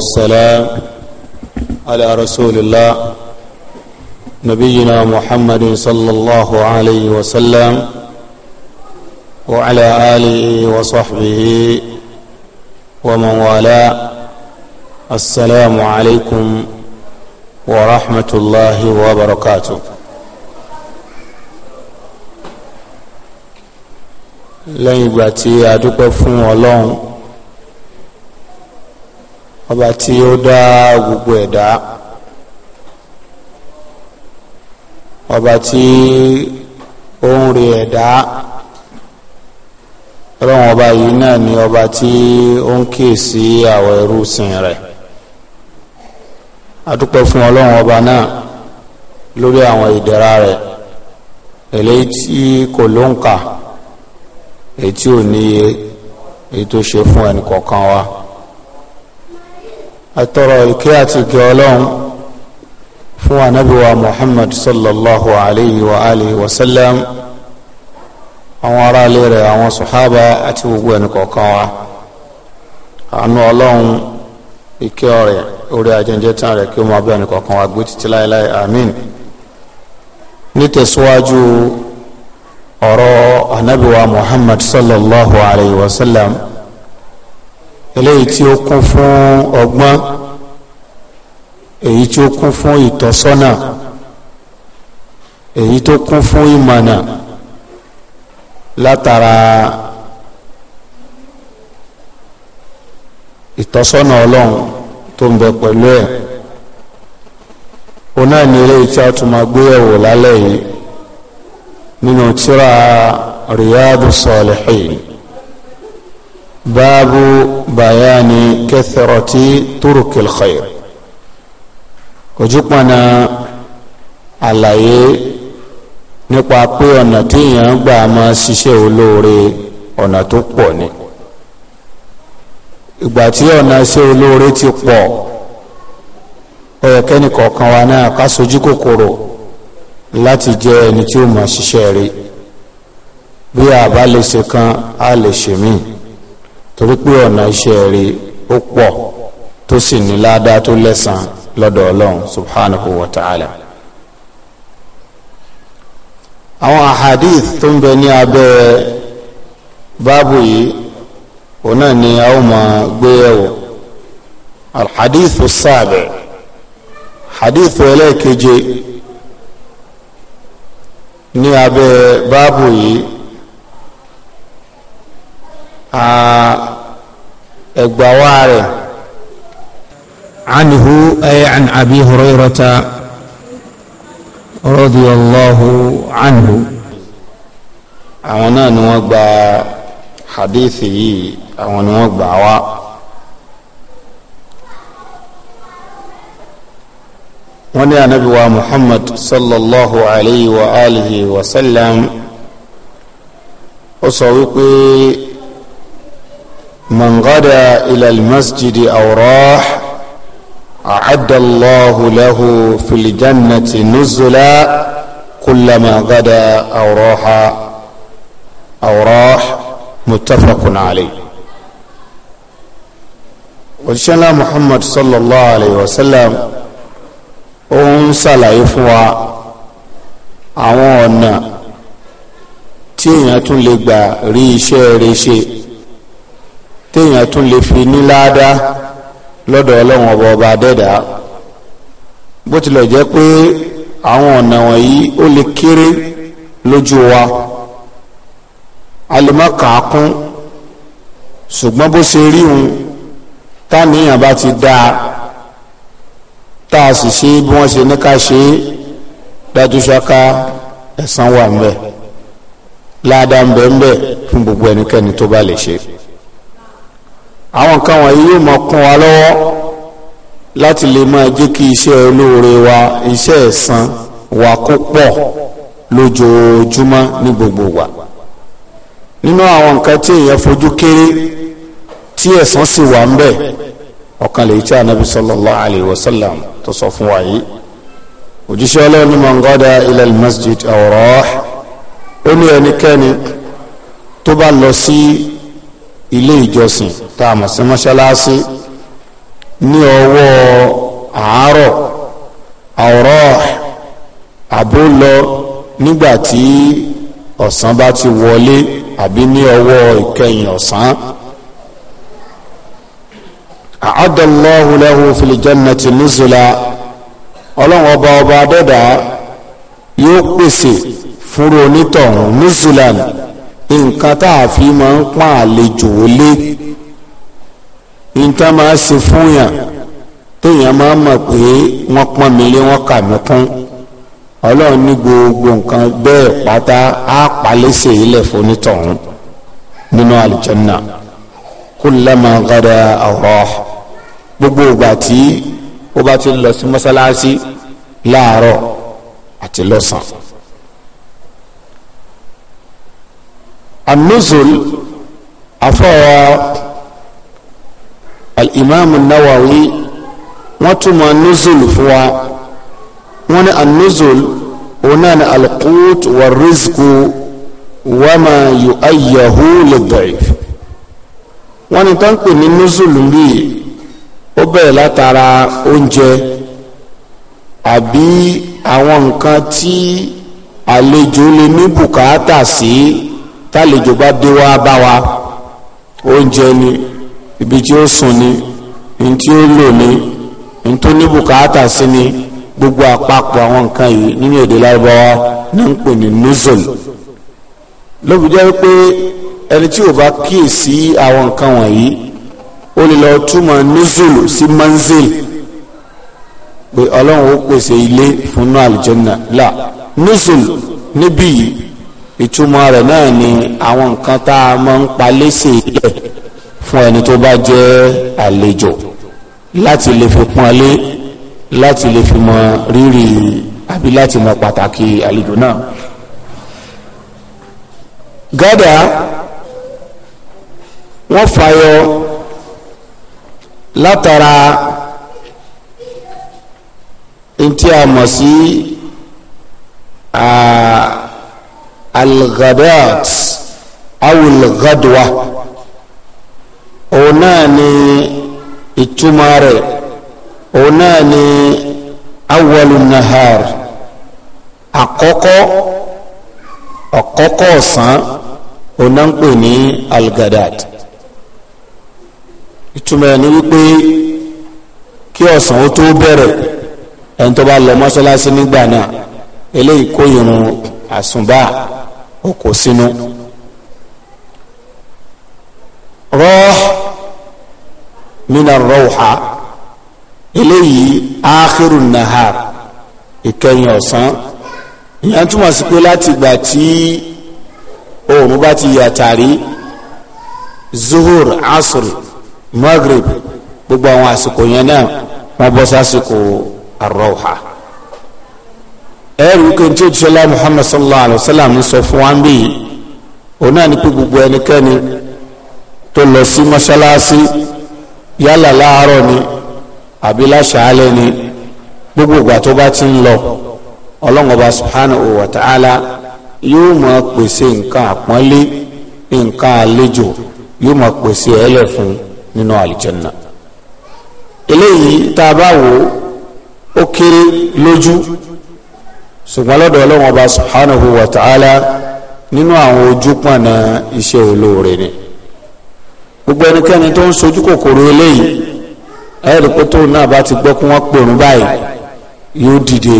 والسلام على رسول الله نبينا محمد صلى الله عليه وسلم وعلى آله وصحبه ومن والاه السلام عليكم ورحمة الله وبركاته lẹ́yìn ìgbà tí a ولون ọba tí ó dá gbogbo ẹ̀dá ọba tí ó ń re ẹ̀dá ọlọ́run ọba yìí náà ni ọba tí ó ń kíyè sí àwọn ẹrú sìn rẹ̀ adúpẹ́ fún ọlọ́run ọba náà lórí àwọn ìdẹ̀ra rẹ̀ eléyìí tí kò lóǹkà èyí tí ò níye èyí tó ṣe fún ẹnì kọ̀ọ̀kan wa atọrọ ìkẹ́ àti ìgẹ́ ọlọ́run fún anábíwa muhammad sallallahu alayhi wa alihi wa sallam àwọn ará ilé rẹ̀ àwọn sòhábà àti gbogbo ẹni kọ̀ọ̀kan wa àánú ọlọ́run ìkẹ́ ọ̀rẹ́ orí ajẹ́jẹ́ tán rẹ̀ kí ó máa bẹ́ ẹni kọ̀ọ̀kan wa gbé títí láéláé àmín nítẹ̀síwájú ọ̀rọ̀ anábíwa muhammad sallallahu alayhi wa sallam eléyìí tí ó kún fún ọgbọ́n èyí tí ó kún fún ìtọ́sọ́nà èyí tó kún fún ìmọ̀nà látara ìtọ́sọ́nà ọlọ́run tó ń bẹ pẹ̀lú ẹ̀ o náà ní eléyìí tí a tún máa gbé ẹ̀wò lálẹ́ yìí nínú tírà Riyadus Salihin. باب بيان كثرة طرق الخير وجبنا àlàyé nípa pé ọ̀nà téèyàn gbà máa ṣiṣẹ́ olóore ọ̀nà tó pọ̀ ni ìgbà tí ọ̀nà ṣe olóore ti pọ̀ ó yẹ kẹ́nìkọ̀ọ̀kan wa náà ká sojú kòkòrò láti jẹ́ ẹni tí ó máa ṣiṣẹ́ rí bí a lè ṣe kan a lè ṣe míì torí pé ọ̀nà iṣẹ́ rẹ̀ ó pọ̀ tó sì ní ládàá tó lẹ́sàn lọ́dọ̀ ọlọ́run subhanahu wa ta'ala àwọn ahadith tó ń bẹ ní abẹ́ báàbù yìí òun náà ni a ó máa gbé yẹ̀wò alhadith sáàbẹ̀ hadith ẹlẹ́ẹ̀keje ní abẹ́ báàbù yìí ẹgbàá rẹ̀ عنه أي عن أبي هريرة رضي الله عنه àwọn náà ni wọ́n gba hadithi yìí àwọn ni wọ́n gbà wá wọ́n ní ànábì wa muhammad sallallahu alayhi wa alihi wa sallam ó sọ wípé من غدا إلى المسجد أو راح أعد الله له في الجنة نزلا كلما غدا أو راح أو راح متفق عليه òṣìṣẹ́ ńlá muhammad sallallahu alayhi wa sallam ó ń ṣàlàyé fún wa àwọn ọ̀nà tí èèyàn tún lè gbà rí iṣẹ́ rẹ̀ ṣe téèyàn tún lè fi ní ládàá lọ́dọ̀ ọlọ́run ọba ọba adẹ́dàá bó tilẹ̀ jẹ́ pé àwọn ọ̀nà wọ̀nyí ó lè kéré lójú wa a lè má kà á kún ṣùgbọ́n bó ṣe rí òun táníyàn bá ti dáa tá a sì ṣe bí wọ́n ṣe ní ká ṣe é dájú ṣáká ẹ̀san wà ń bẹ ládàá ń bẹ ń bẹ fún gbogbo ẹnikẹ́ni tó bá lè ṣe é àwọn nǹkan wọ̀nyí yóò máa kún wa lọ́wọ́ láti lè máa jẹ́ kí iṣẹ́ olóore wa iṣẹ́ ẹ̀san wa kó pọ̀ lójoojúmọ́ ní gbogbo wa nínú àwọn nǹkan tí èèyàn fojú kéré tí ẹ̀san sì wà ń bẹ̀ ọ̀kan lè tí anabi sallallahu alayhi wa sallam tó sọ fún wa yìí òjíṣẹ́ ọlọ́run ní mangada masjid awrah ó ní ẹnikẹ́ni tó bá lọ sí. Si ilé ìjọsìn tá a mọ̀ sí mọ́ṣáláṣí ní ọwọ́ àárọ̀ àwòrán àbó lọ nígbà tí ọ̀sán bá ti wọlé àbí ní ọwọ́ ìkẹyìn ọ̀sán àádọ́lọ́hùn lẹ́hùn fìlìjẹ́nẹ̀tì nùzùlá ọlọ́run ọba ọba adẹ́dàá yóò pèsè fúru onítọ̀hún nùzùlá nù nǹkan tá a fi máa ń pọ́n àlejò lé nǹkan máa ṣe fún yàn téèyàn máa mọ̀ pé wọ́n pọ́n mi lé wọ́n kà mí kún ọlọ́run ní gbogbo nǹkan bẹ́ẹ̀ pátá á palẹ́sẹ̀ ilẹ̀ fonítọ̀hún nínú àlùjànnà kullama gada ọ̀rọ̀ gbogbo ìgbà tí ó bá ti lọ sí mọ́sálásí láàárọ̀ àti lọ́sàn النزل afọwọ́ الإمام النووي wọ́n túmọ̀ anuzul fún wa wọ́n ní anuzul òun náà ní alqut wa rizku wama yu ayahu le da'if wọ́n ní tán pè ní nuzul bíi ó bẹ̀rẹ̀ látara oúnjẹ àbí àwọn nǹkan tí àlejò lè ní bùkátà sí tálejò bá dé wá bá wa oúnjẹ ni ibi tí ó sùn ni ní tí ó lò ní ní tó ní bùkátà sí ni gbogbo àpapọ̀ àwọn nǹkan yìí nínú èdè lárúbáwá ní ń pè ní nuzul ló fi jẹ́ pé ẹni tí ò bá kíyèsí àwọn nǹkan wọ̀nyí ó lè lọ túmọ̀ nuzul sí manzil pé ọlọ́run ó pèsè ilé fún náà àlùjànnà là nuzul níbí yìí ìtumọ̀ rẹ̀ náà ni àwọn nǹkan tá a máa ń pa léṣe ilẹ̀ fún ẹni tó bá jẹ́ àlejò láti lè fi pọ́nlé láti lè fi mọ rírì àbí láti mọ pàtàkì àlejò náà. gádà wọ́n fàyọ látara ntí a mọ̀ sí. Uh, alghadat awul ghadwa òun náà ni ìtumọ̀ rẹ̀ òun náà ni awul nahar àkọ́kọ́ àkọ́kọ́ ọ̀sán òun náà ń pè ní alghadat ìtumọ̀ ẹ̀ ni wípé kí ọ̀sán ó tó bẹ̀rẹ̀ ẹni tó bá lọ mọ́ṣáláṣí nígbà náà eléyìí kó irun àsùnbà ó kó sínú rọ́ọ̀ mina rọ́ọ̀ha eléyìí áàkìrù nahar ìkẹyìn ọ̀sán ìyẹn túmọ̀ sí pé láti ìgbà tí oòrùn bá ti yàtàrí zuhur asr maghrib gbogbo àwọn àsìkò yẹn náà wọ́n bọ́ sásìkò arọ́ọ̀ha ẹ̀rù wípé tí ó ti ṣọlá Muhammad sallallahu alayhi wa sallam sọ fún wa ń bí yìí òun náà ní pé gbogbo ẹnikẹ́ni tó lọ sí mọ́ṣáláṣí yálà láàárọ̀ ni àbí láṣàálẹ̀ ni gbogbo ìgbà tó bá ti ń lọ ọlọ́run subhanahu wa ta'ala yóò máa pèsè nǹkan àpọ́nlé nǹkan àlejò yóò máa pèsè ẹlẹ̀ fún nínú àlìjẹ́nà eléyìí tá a bá wò ó kéré lójú ṣùgbọ́n lọ́dọ̀ ọlọ́run ọba subhanahu wa ta'ala nínú àwọn ojúpọ̀nà iṣẹ́ olóore ni gbogbo ẹnikẹ́ni tó ń sojú kòkòrò eléyìí ẹ̀rí pé tóun náà bá ti gbọ́ kí wọ́n pèrún báyìí yóò dìde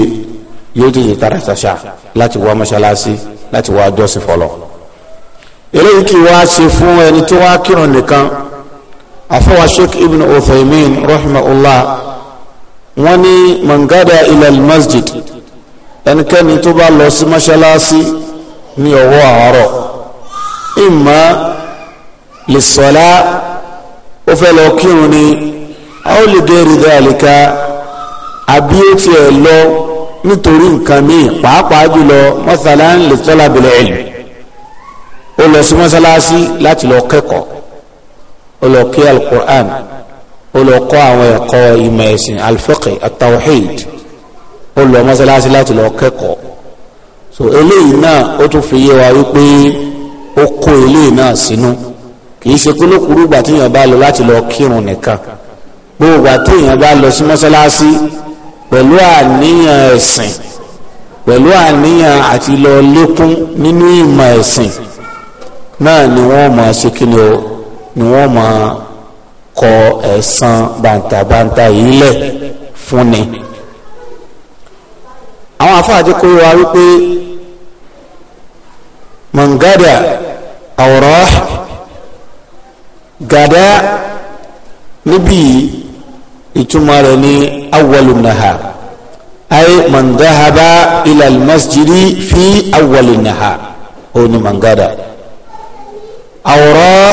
yóò dìde tààràtàṣà láti wá mọ́ṣáláṣí láti wá jọ́sìn fọlọ́ eléyìí kì í wá ṣe fún ẹni tó wá kírun nìkan àfọwà sheikh ibn uthaymin rahimahullah wọ́n ní mangada ilal masjid ẹnikẹ́ni tó bá lọ sí mọ́ṣáláṣí ní ọwọ́ àárọ̀ ìmọ̀ lè sọ̀lá ó fẹ́ lọ kírun ni a ó lè gẹ́rì dáàlìka àbí ó tiẹ̀ lọ nítorí nǹkan míì pàápàá jùlọ mọ́sálá ń lè tọ́lá bìlẹ̀ ẹ̀lì ó lọ sí mọ́ṣáláṣí láti lọ kẹ́kọ̀ọ́ ó lọ kí alukur'an ó lọ kọ́ àwọn ẹ̀kọ́ ìmọ̀ ẹ̀sìn alfiqh at-tawhid ó lọ mọ́sálásí láti lọ kẹ́kọ̀ọ́ so eléyìí náà ó tún fi yé wa wípé ó kó eléyìí náà sínú kì í ṣe kúlókùrú ìgbà téèyàn bá lọ láti lọ kírun nìkan gbogbo ìgbà téèyàn bá lọ sí mọ́sálásí pẹ̀lú àníyàn ẹ̀sìn pẹ̀lú àníyàn àti lọ lékún nínú ìmọ̀ ẹ̀sìn náà ni wọ́n máa ṣe kí ni o ni wọ́n máa kọ ẹ̀san bàǹtàbàǹtà yìí lẹ̀ fún àfáàjẹ́ kó wa wípé mọ̀ngádà àwòrán gàdá níbi ìtumọ̀ rẹ̀ ní awwalunaha ayé mọ̀ngáhàbá ilal masjidi fi awwalunaha ó ní mọ̀ngádà àwòrán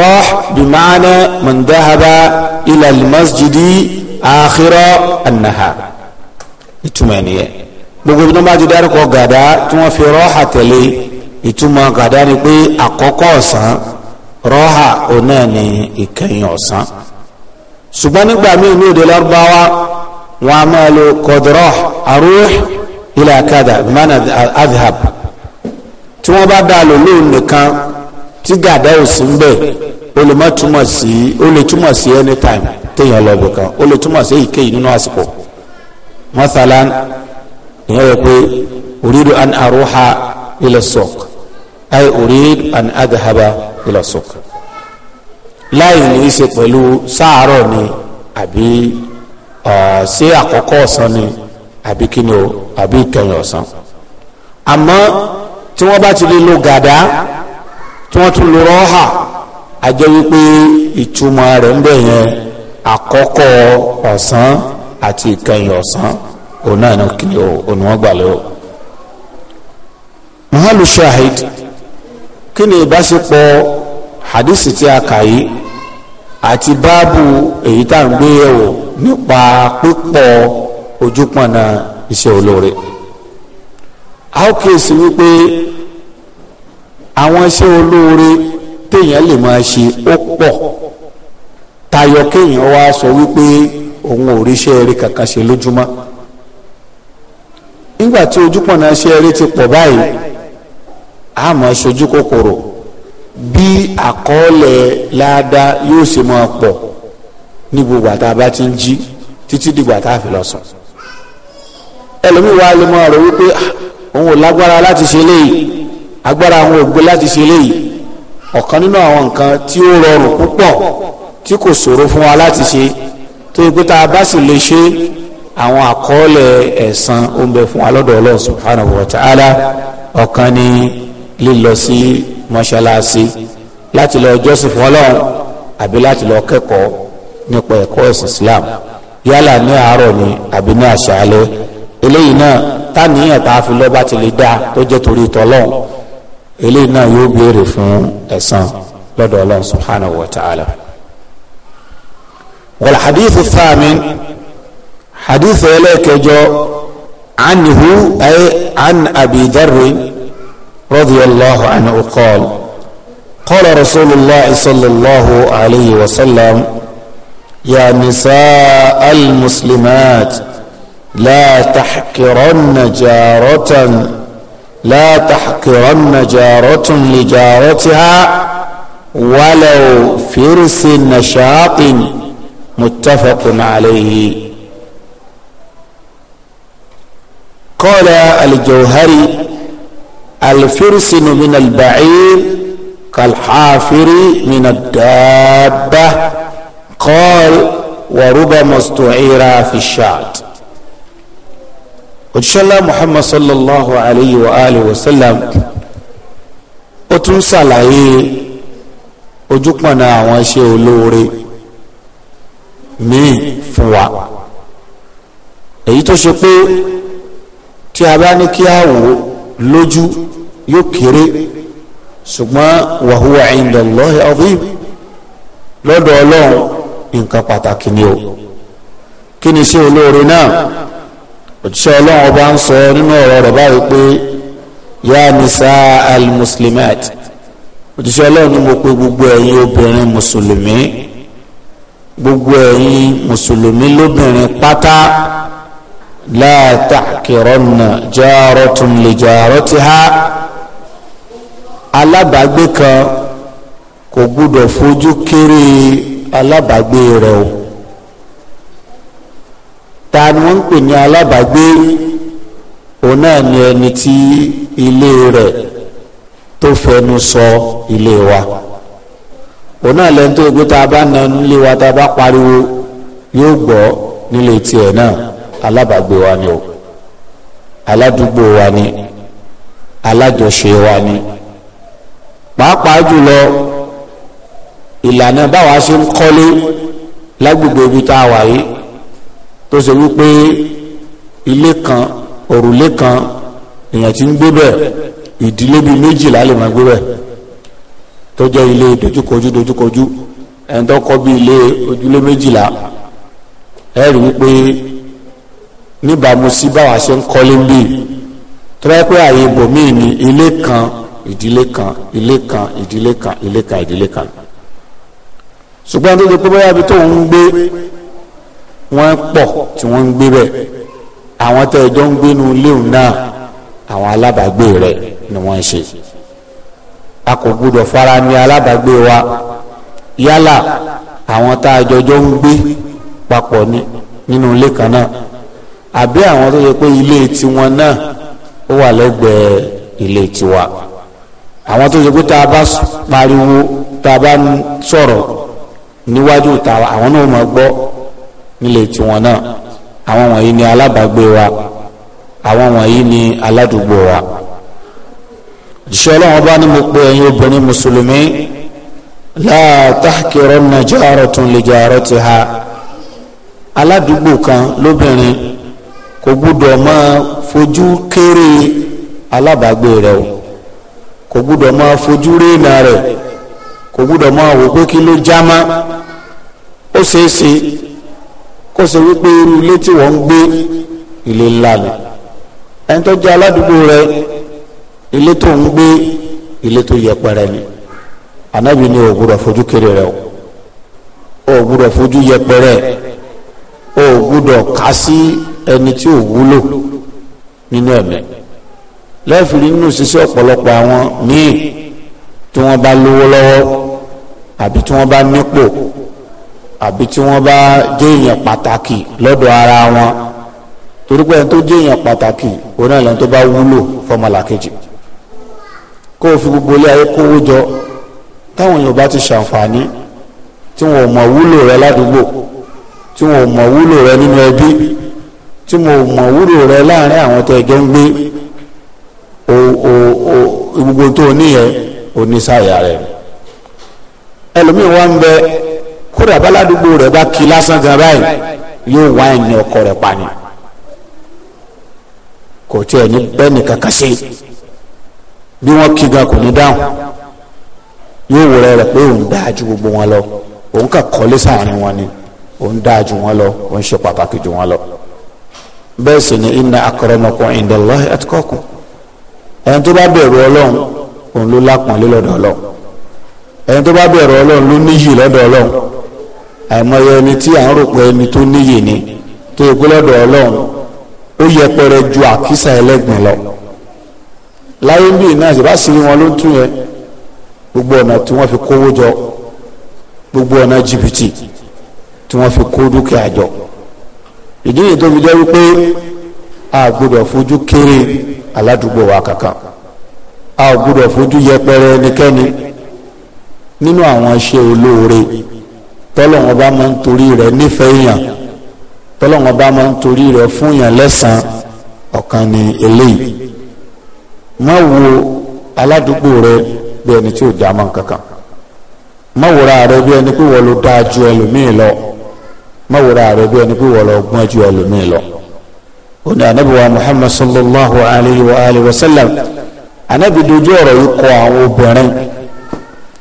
rọ́h bìmánà mọ̀ngáhàbá ilal masjidi àkírọ̀ annaha. ìtumọ̀ ẹ̀ gbogbo ibi tó bá ti dárúkọ gàdá tí wọ́n fi rọha tẹ̀lé ìtumọ̀ gàdá ni pé àkọ́kọ́ ọ̀sán rọha òun náà ìkẹyìn ọ̀sán ṣùgbọ́n nígbà míì ní èdè lárúbáwá wọn a máa lo kọdọrọ arúh ilẹ̀ akada mana adhab tí bá dá lò lóun nìkan tí gàdá ò sí o lè túmọ̀ sí anytime téèyàn lọ bìkan o lè túmọ̀ sí masalan ìyẹn wọ pé uridu an aruha ila suq ay uridu an adhaba ila suq láì ní í ṣe pẹ̀lú sáàárọ̀ ni àbí ṣé àkọ́kọ́ ọ̀sán ni àbí kíni o àbí ìkẹyìn ọ̀sán àmọ́ tí wọ́n bá ti lè lo gàdá tí wọ́n tún lo rọ́hà a wípé ìtumọ̀ rẹ̀ ń bẹ̀ yẹn àkọ́kọ́ ọ̀sán àti ìkẹyìn ọ̀sán òun náà ní kìnì o òun wọn gbà lérò. mahalu shahid kí ni ìbáṣepọ̀ hadisi tí a kà yìí àti báàbù èyí tá à ń gbé yẹ̀wò nípa pípọ̀ ojúpọ̀nà iṣẹ́ olóore a ó kíyèsí wípé àwọn iṣẹ́ olóore téèyàn lè máa ṣe ó pọ̀ tayọ kéèyàn wá sọ wípé òun ò ríṣẹ́ eré kankan ṣe lójúmọ́ nígbà tí ojúpọ̀nà ṣe eré ti pọ̀ báyìí àmọ́ ṣojú kòkòrò bí àkọọ́lẹ̀ ládàá yóò ṣe máa pọ̀ ní gbogbo àtà bá ti ń jí títí dìgbà tá a fi lọ sùn ẹlòmíì wá lè máa rò wípé ah, òun ò lágbára láti ṣe léyìí agbára àwọn ògbé láti ṣe léyìí ọ̀kan nínú àwọn nǹkan tí ó rọrùn púpọ̀ tí kò ṣòro fún wa láti ṣe tó yẹ pé tá a bá sì lè ṣe àwọn àkọọ́lẹ̀ ẹ̀san ó ń bẹ fún alọ́dọ̀ Ọlọ́run subhanahu wa ta'ala ọ̀kan ni lílọ sí mọ́ṣáláṣí láti lọ jọ́sìn fún Ọlọ́run àbí láti lọ kẹ́kọ̀ọ́ nípa ẹ̀kọ́ ẹ̀sìn Islam yálà ní àárọ̀ ni àbí ní àṣálẹ́ eléyìí náà táníyàn tá a fi lọ́ba ti lè dá tó jẹ́ torí tọ́lọ́run eléyìí náà yóò béèrè fún ẹ̀san lọ́dọ̀ Ọlọ́run subhanahu wa ta'ala wal hadithu thamin hadithu ẹlẹ́kẹjọ anhu ay an abi dharrin radiyallahu anhu qala qala rasulullah sallallahu alayhi wa sallam ya nisaa al-muslimat la tahqiranna jaratan لا تحقرن جارة لجارتها ولو فرس نشاط متفق عليه قال الجوهري الفرسن من البعير كالحافر من الدابة قال وربما استعير في الشعب òṣìṣẹ́lá muhammad sallallahu alayhi wa alihi wa sallam ó tún ṣàlàyé ojúpọ̀nà àwọn iṣẹ́ olóore míì fún wa èyí tó ṣe pé tí a bá ní kí a wò lójú yóò kéré ṣùgbọ́n wa huwa inda Allahi azim lọ́dọ̀ ọlọ́run nǹkan pàtàkì ni o kí ni ṣe olóore náà òjíṣẹ́ ọlọ́run ọba ń sọ nínú ọ̀rọ̀ rẹ̀ báyìí pé yá nisa al-muslimat òjíṣẹ́ ọlọ́run ni mo pe gbogbo ẹ̀yin obìnrin mùsùlùmí gbogbo ẹ̀yin mùsùlùmí lóbìnrin pátá láàtà kìrọ́nà járọ́ tún lè járọ́ ti há alábàágbé kan kò gbúdọ̀ fojú kéré alábàágbé rẹ̀ o ta ni wọ́n ń pè ní alábàágbé òun náà ni ẹni tí ilé rẹ̀ tó fẹnu sọ ilé wa òun náà lẹ́nu tó gbé tá a bá na nílé wa tá a bá pariwo yóò gbọ́ nílé tiẹ̀ náà alábàgbé wa ni o aládùúgbò wa ni alájọṣe wa ni pàápàá jùlọ ìlànà báwa ṣe ń kọ́lé lágbègbè ibi tá a wà yìí tó ṣe wípé ilé kan òrùlé kan èèyàn ti ń gbé bẹ́ẹ̀ ìdílé bíi méjìlá lè máa gbé bẹ́ẹ̀ tó jẹ́ ilé dojúkojú dojúkojú ẹni tó kọ́ bí ilé ojúlé méjìlá ẹ wípé níbàámu sí báwa ṣe ń kọ́lé ń bì tó bá pẹ́ àyè ibòmíì ni ilé kan ìdílé kan ilé kan ìdílé kan ilé kan ìdílé kan ṣùgbọ́n tó ti pé bóyá ibi tó ń gbé wọ́n pọ̀ tí wọ́n ń gbé bẹ́ẹ̀ àwọn tẹ́ ẹjọ́ ń gbénu léwu náà àwọn alábàágbé rẹ̀ ni wọ́n ń ṣe a kò gbọdọ̀ fara ní alábàágbé wa yálà àwọn tá a jọjọ́ ń gbé papọ̀ ni nínú ilé kan náà àbí àwọn tó yẹ pé ilé tiwọn náà ó wà lẹ́gbẹ̀ẹ́ ilé tiwa àwọn tó yẹ pé tá a bá pariwo tá a bá sọ̀rọ̀ níwájú ta àwọn náà máa gbọ́ nílé tiwọn náà àwọn wọ̀nyí ni alábàágbé wa àwọn wọ̀nyí ni aládùúgbò wa òjíṣẹ́ ọlọ́run bá ní mo pe ẹ̀yin obìnrin mùsùlùmí la tahkiranna jaratun li jaratiha aládùúgbò kan lóbìnrin kò gbúdọ̀ máa fojú kéré alábàágbé rẹ̀ o kò gbúdọ̀ máa fojú rénà rẹ̀ kò gbúdọ̀ máa wò pé kí ló já má ó ṣeéṣe kó ṣe wípé irú ilé tí wọ́n ń gbé ilé ńlá ni ẹni tó jẹ́ aládùúgbò rẹ̀ ilé tó ń gbé ilé tó yẹpẹrẹ ni anabi ni o gbúdọ̀ fojú kéré rẹ o o gbúdọ̀ fojú yẹpẹrẹ o gbúdọ̀ ká sí ẹni tí ò wúlò nínú ẹ̀mẹ́ lẹ́ẹ̀fìrí nínú ṣíṣe ọ̀pọ̀lọpọ̀ àwọn míì tí wọ́n bá lówó lọ́wọ́ àbí tí wọ́n bá nípò àbí tí wọ́n bá jẹ́ èèyàn pàtàkì lọ́dọ̀ ara wọn torí pé ẹni tó jẹ́ èèyàn pàtàkì òun náà lẹ́ni tó bá wúlò fọmọlàkejì kó o fi gbogbo ilé ayé kówó jọ táwọn èèyàn bá ti ṣàǹfààní tí wọn ò mọ̀ wúlò rẹ ládùúgbò tí wọn ò mọ̀ wúlò rẹ nínú ẹbí tí wọn ò mọ̀ wúlò rẹ láàrin àwọn tẹ ẹjọ ń gbé o o o gbogbo tó o níyẹn o ní sáyà rẹ ẹlòmíín wá ń bẹ kódà bàládùúgbò rẹ bá kí lásán gan báyìí yóò wá ẹni ọkọ rẹ pa ni kò tí ẹ bẹ́ẹ̀ nìkan kan ṣe bí wọ́n kí gan kò ní dáhùn yóò wúrẹ́ rẹ̀ pé òun dáa ju gbogbo wọn lọ òun kà kọ́lé sáàrin wọn ni òun dáa ju wọn lọ òun ṣe pàtàkì ju wọn lọ bẹ́ẹ̀ sì ni inna akramakum indallahi atqakum ẹni tó bá bẹ̀rù ọlọ́run òun ló lápọ̀nlé lọ́dọ̀ ọlọ́run ẹni tó bá bẹ̀rù ọlọ́run ló níyì lọ́dọ̀ ọlọ́run àìmọye ẹni tí à ń rò pé ẹni tó níyì ni tó yẹ ọlọ́run ó yẹpẹrẹ ju àkísà ẹlẹ́gbìn lọ láyé bíi náà sì bá siri wọn ló ń tún yẹn gbogbo ọ̀nà tí wọ́n fi kówó jọ gbogbo ọ̀nà jìbìtì tí wọ́n fi kó dúkìá jọ ìdí yìí tó fi jẹ́ wípé a gbọ́dọ̀ fojú kéré aládùúgbò wa kankan a gbọ́dọ̀ fojú yẹpẹrẹ ẹnikẹ́ni nínú àwọn iṣẹ́ olóore tọ́lọ́wọ́n bá máa ń torí rẹ̀ nífẹ̀ẹ́ yàn tọ́lọ́wọ́n bá máa ń torí rẹ̀ fún yàn lẹ́sàn-án ọ̀kan ni eléyìí. ma wo aládùúgbò rẹ bí ẹni tí ò já mọ́ kankan má rẹ bí ẹni pé wọ́n ló dáa ju ẹlòmíì lọ má rẹ bí ẹni pé wọ́n muhammad sallallahu alayhi wa alayhi wa sallam anabi dojú ọ̀rọ̀ yìí kọ àwọn obìnrin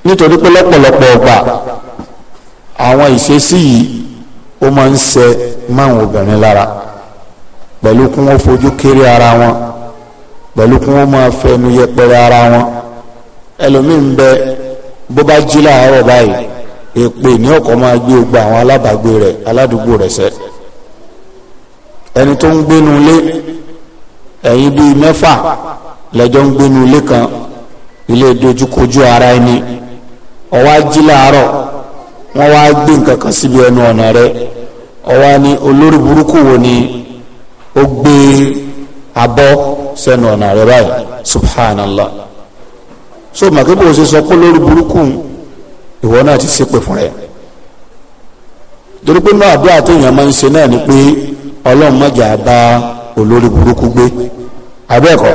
nítorí pé lọ́pọ̀lọpọ̀ ọgbà àwọn ìṣesí yìí ó máa ń ṣe obìnrin lára pẹ̀lú ara wọn. pẹ̀lú kí wọ́n máa fẹnu yẹpẹrẹ ara wọn ẹlòmíín bẹ bó bá jí láàárọ̀ báyìí èpè ní ọkọ̀ máa gbé gba àwọn alábàágbé rẹ̀ aládùúgbò rẹ̀ sẹ́ ẹni tó ń gbénu ilé ẹ̀yin bíi mẹ́fà lẹ́jọ́ ń gbénu ilé kan ilé dojúkojú ara ẹni ọwọ́ ají láàárọ̀ wọ́n wá gbé nǹkan kan síbi ẹnu ọ̀nà rẹ ọwọ́ ni olórí burúkú wo ni ó gbé abọ́ sẹ́nu ọ̀nà rẹ báyìí subhanallah so màkì bó o ṣe sọ kó lórí burúkú ìwọ náà ti ṣépè fún rẹ torí pé náà àdúrà téèyàn máa ń ṣe náà ni pé ọlọ́run mọ̀jà bá olórí burúkú gbé abẹ́ẹ̀kọ́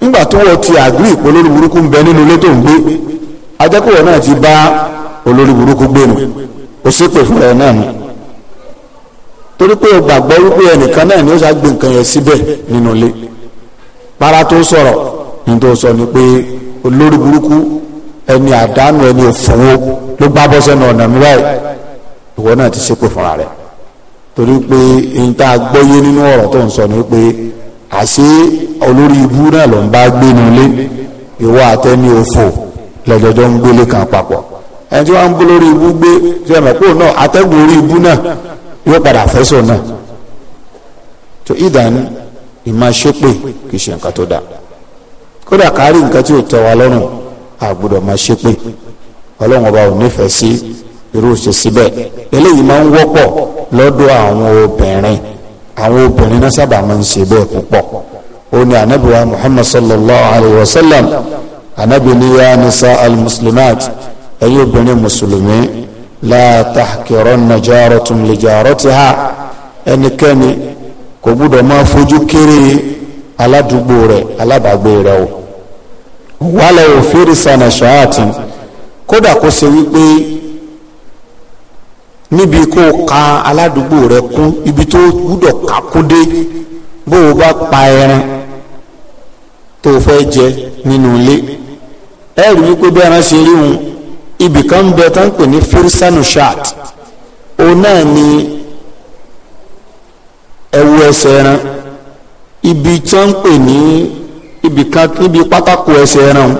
nígbà tó wọ́n ti àgbé ìpò olórí burúkú ń bẹ nínú ilé tó ń gbé ajẹ́kọ̀ọ́ náà ti bá olórí burúkú gbé nu ó fún rẹ náà nù torí pé wípé ẹnìkan náà ni ó nǹkan yẹn síbẹ̀ nínú para tó sọ̀rọ̀ ní tó sọ ni pé olórí burúkú ẹni àdánù ẹni òfòwò ló bá bọ́ sẹ́nu ọ̀nà mi báyìí ìwọ náà ti ṣépè fúnra rẹ̀ torí pé n ta gbọ́yé nínú ọ̀rọ̀ tó ń sọ ni pé àṣé olórí ibú náà ló ń bá gbénu lé ìwọ àtẹni òfò lọ́jọ́jọ́ ń gbélé kan papọ̀ ẹni tí wọ́n ń bó lórí ibú gbé tí wọ́n mọ̀ pé òun náà atẹ́gùn orí ibú náà yóò padà fẹ́sọ̀ náà ìmọ̀ ṣépè kì í ṣe nǹkan tó dáa kódà kárí nǹkan tí ò tọ́ wa lọ́rùn a gbọ́dọ̀ máa ṣépè ọlọ́run ọba ò nífẹ̀ẹ́ sí irú òṣèṣì bẹ́ẹ̀ eléyìí máa ń wọ́pọ̀ lọ́dọ̀ àwọn obìnrin àwọn obìnrin náà sábà máa ń ṣe bẹ́ẹ̀ púpọ̀ ó ní anabi wa sallallahu alayhi wa sallam anabi ni ya nisa almuslimat ẹ̀yin obìnrin mùsùlùmí la tahkiranna jaratun li jaratiha ẹnikẹ́ni kò gbúdọ̀ máa fojú kéré aládùúgbò rẹ̀ alábàgbé rẹ̀ o wàhálà òfìrí sànà ṣáàtì kódà kó ṣe wípé níbi kó ka aládùúgbò rẹ̀ kún ibi tó gbúdọ̀ ká kún dé bó o bá pa ẹran tó o fẹ́ jẹ nínú ilé ẹ rí wípé bí ẹran ṣe rí òun ibì kan bẹ tán pè ní fírísánù ṣáàtì òun náà ni ẹwu ẹsẹ ẹran ibi tí wọ́n ń pè ní ibi kan níbi pátákó ẹsẹ ẹran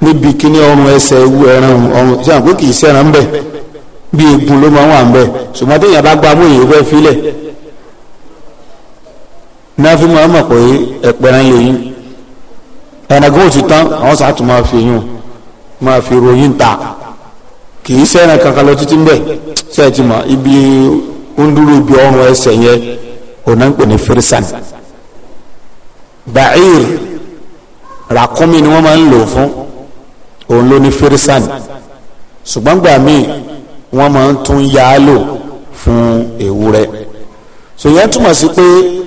níbi kíní ọrùn ẹsẹ ewu ẹran ọrùn tí wọ́n pè kì í sẹ́ran ń bẹ̀ bí egun ló máa wà ń bẹ̀ ṣùgbọ́n gba pé ń lè yín tán àwọn sàtú fi máa fi ròyìn ta kì í kankan lọ títí ń ti ibi. ó ń dúró bí ọrùn ẹsẹ̀ yẹn òun náà ń pè ní firisan ba'ir ràkúnmí ni wọ́n máa ń lò fún òun ló firisan ṣùgbọ́n gbà míì wọ́n máa ń tún yá fún ewúrẹ́ so yẹn túmọ̀ sí pé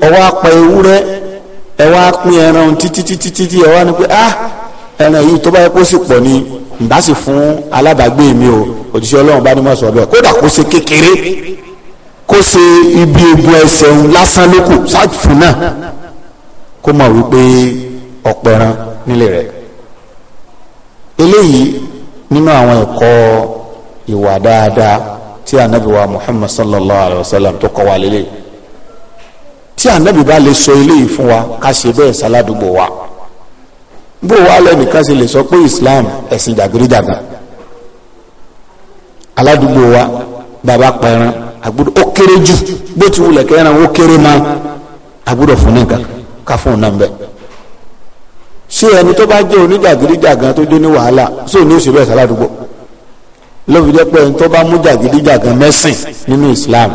ọwọ́ apá ewúrẹ́ ẹ wá pín ẹran títí títí ẹ wá ní pé ah ẹran yìí tó bá yẹ kó sì pọ̀ ni n bá sì fún alábàágbé mi o òjíṣẹ́ ọlọ́run bá ní mọ̀ sọ bẹ́ẹ̀ kódà kó ṣe kékeré kó se ibi egun ẹsẹ̀ lásán lókù ṣáàfù náà kó mọ̀ wípé ọ̀pẹ̀ran nílé rẹ̀ eléyìí nínú àwọn ẹ̀kọ́ ìwà dáadáa tí anabi wa muhammad sallallahu alayhi wa sallam tó kọ́ wa lélẹ̀ tí anabi bá lè sọ eléyìí fún wa ká ṣe bẹ́ẹ̀ sáládùúgbò wa wa wa bàbá agbọ́dọ̀ ó kéré jù bó ti wulẹ̀ kẹ́ran ó kéré ma agbọ́dọ̀ fún ní nǹkan ká fún un náà bẹ́ẹ̀ ṣé ẹni tó bá jẹ́ oníjàgídíjàgan tó dé ní wàhálà sóò ní òṣèlú ẹ̀sán ládùúgbò ló jẹ́ pé ẹni tó bá mú jàgídíjàgan mẹ́sìn nínú Islam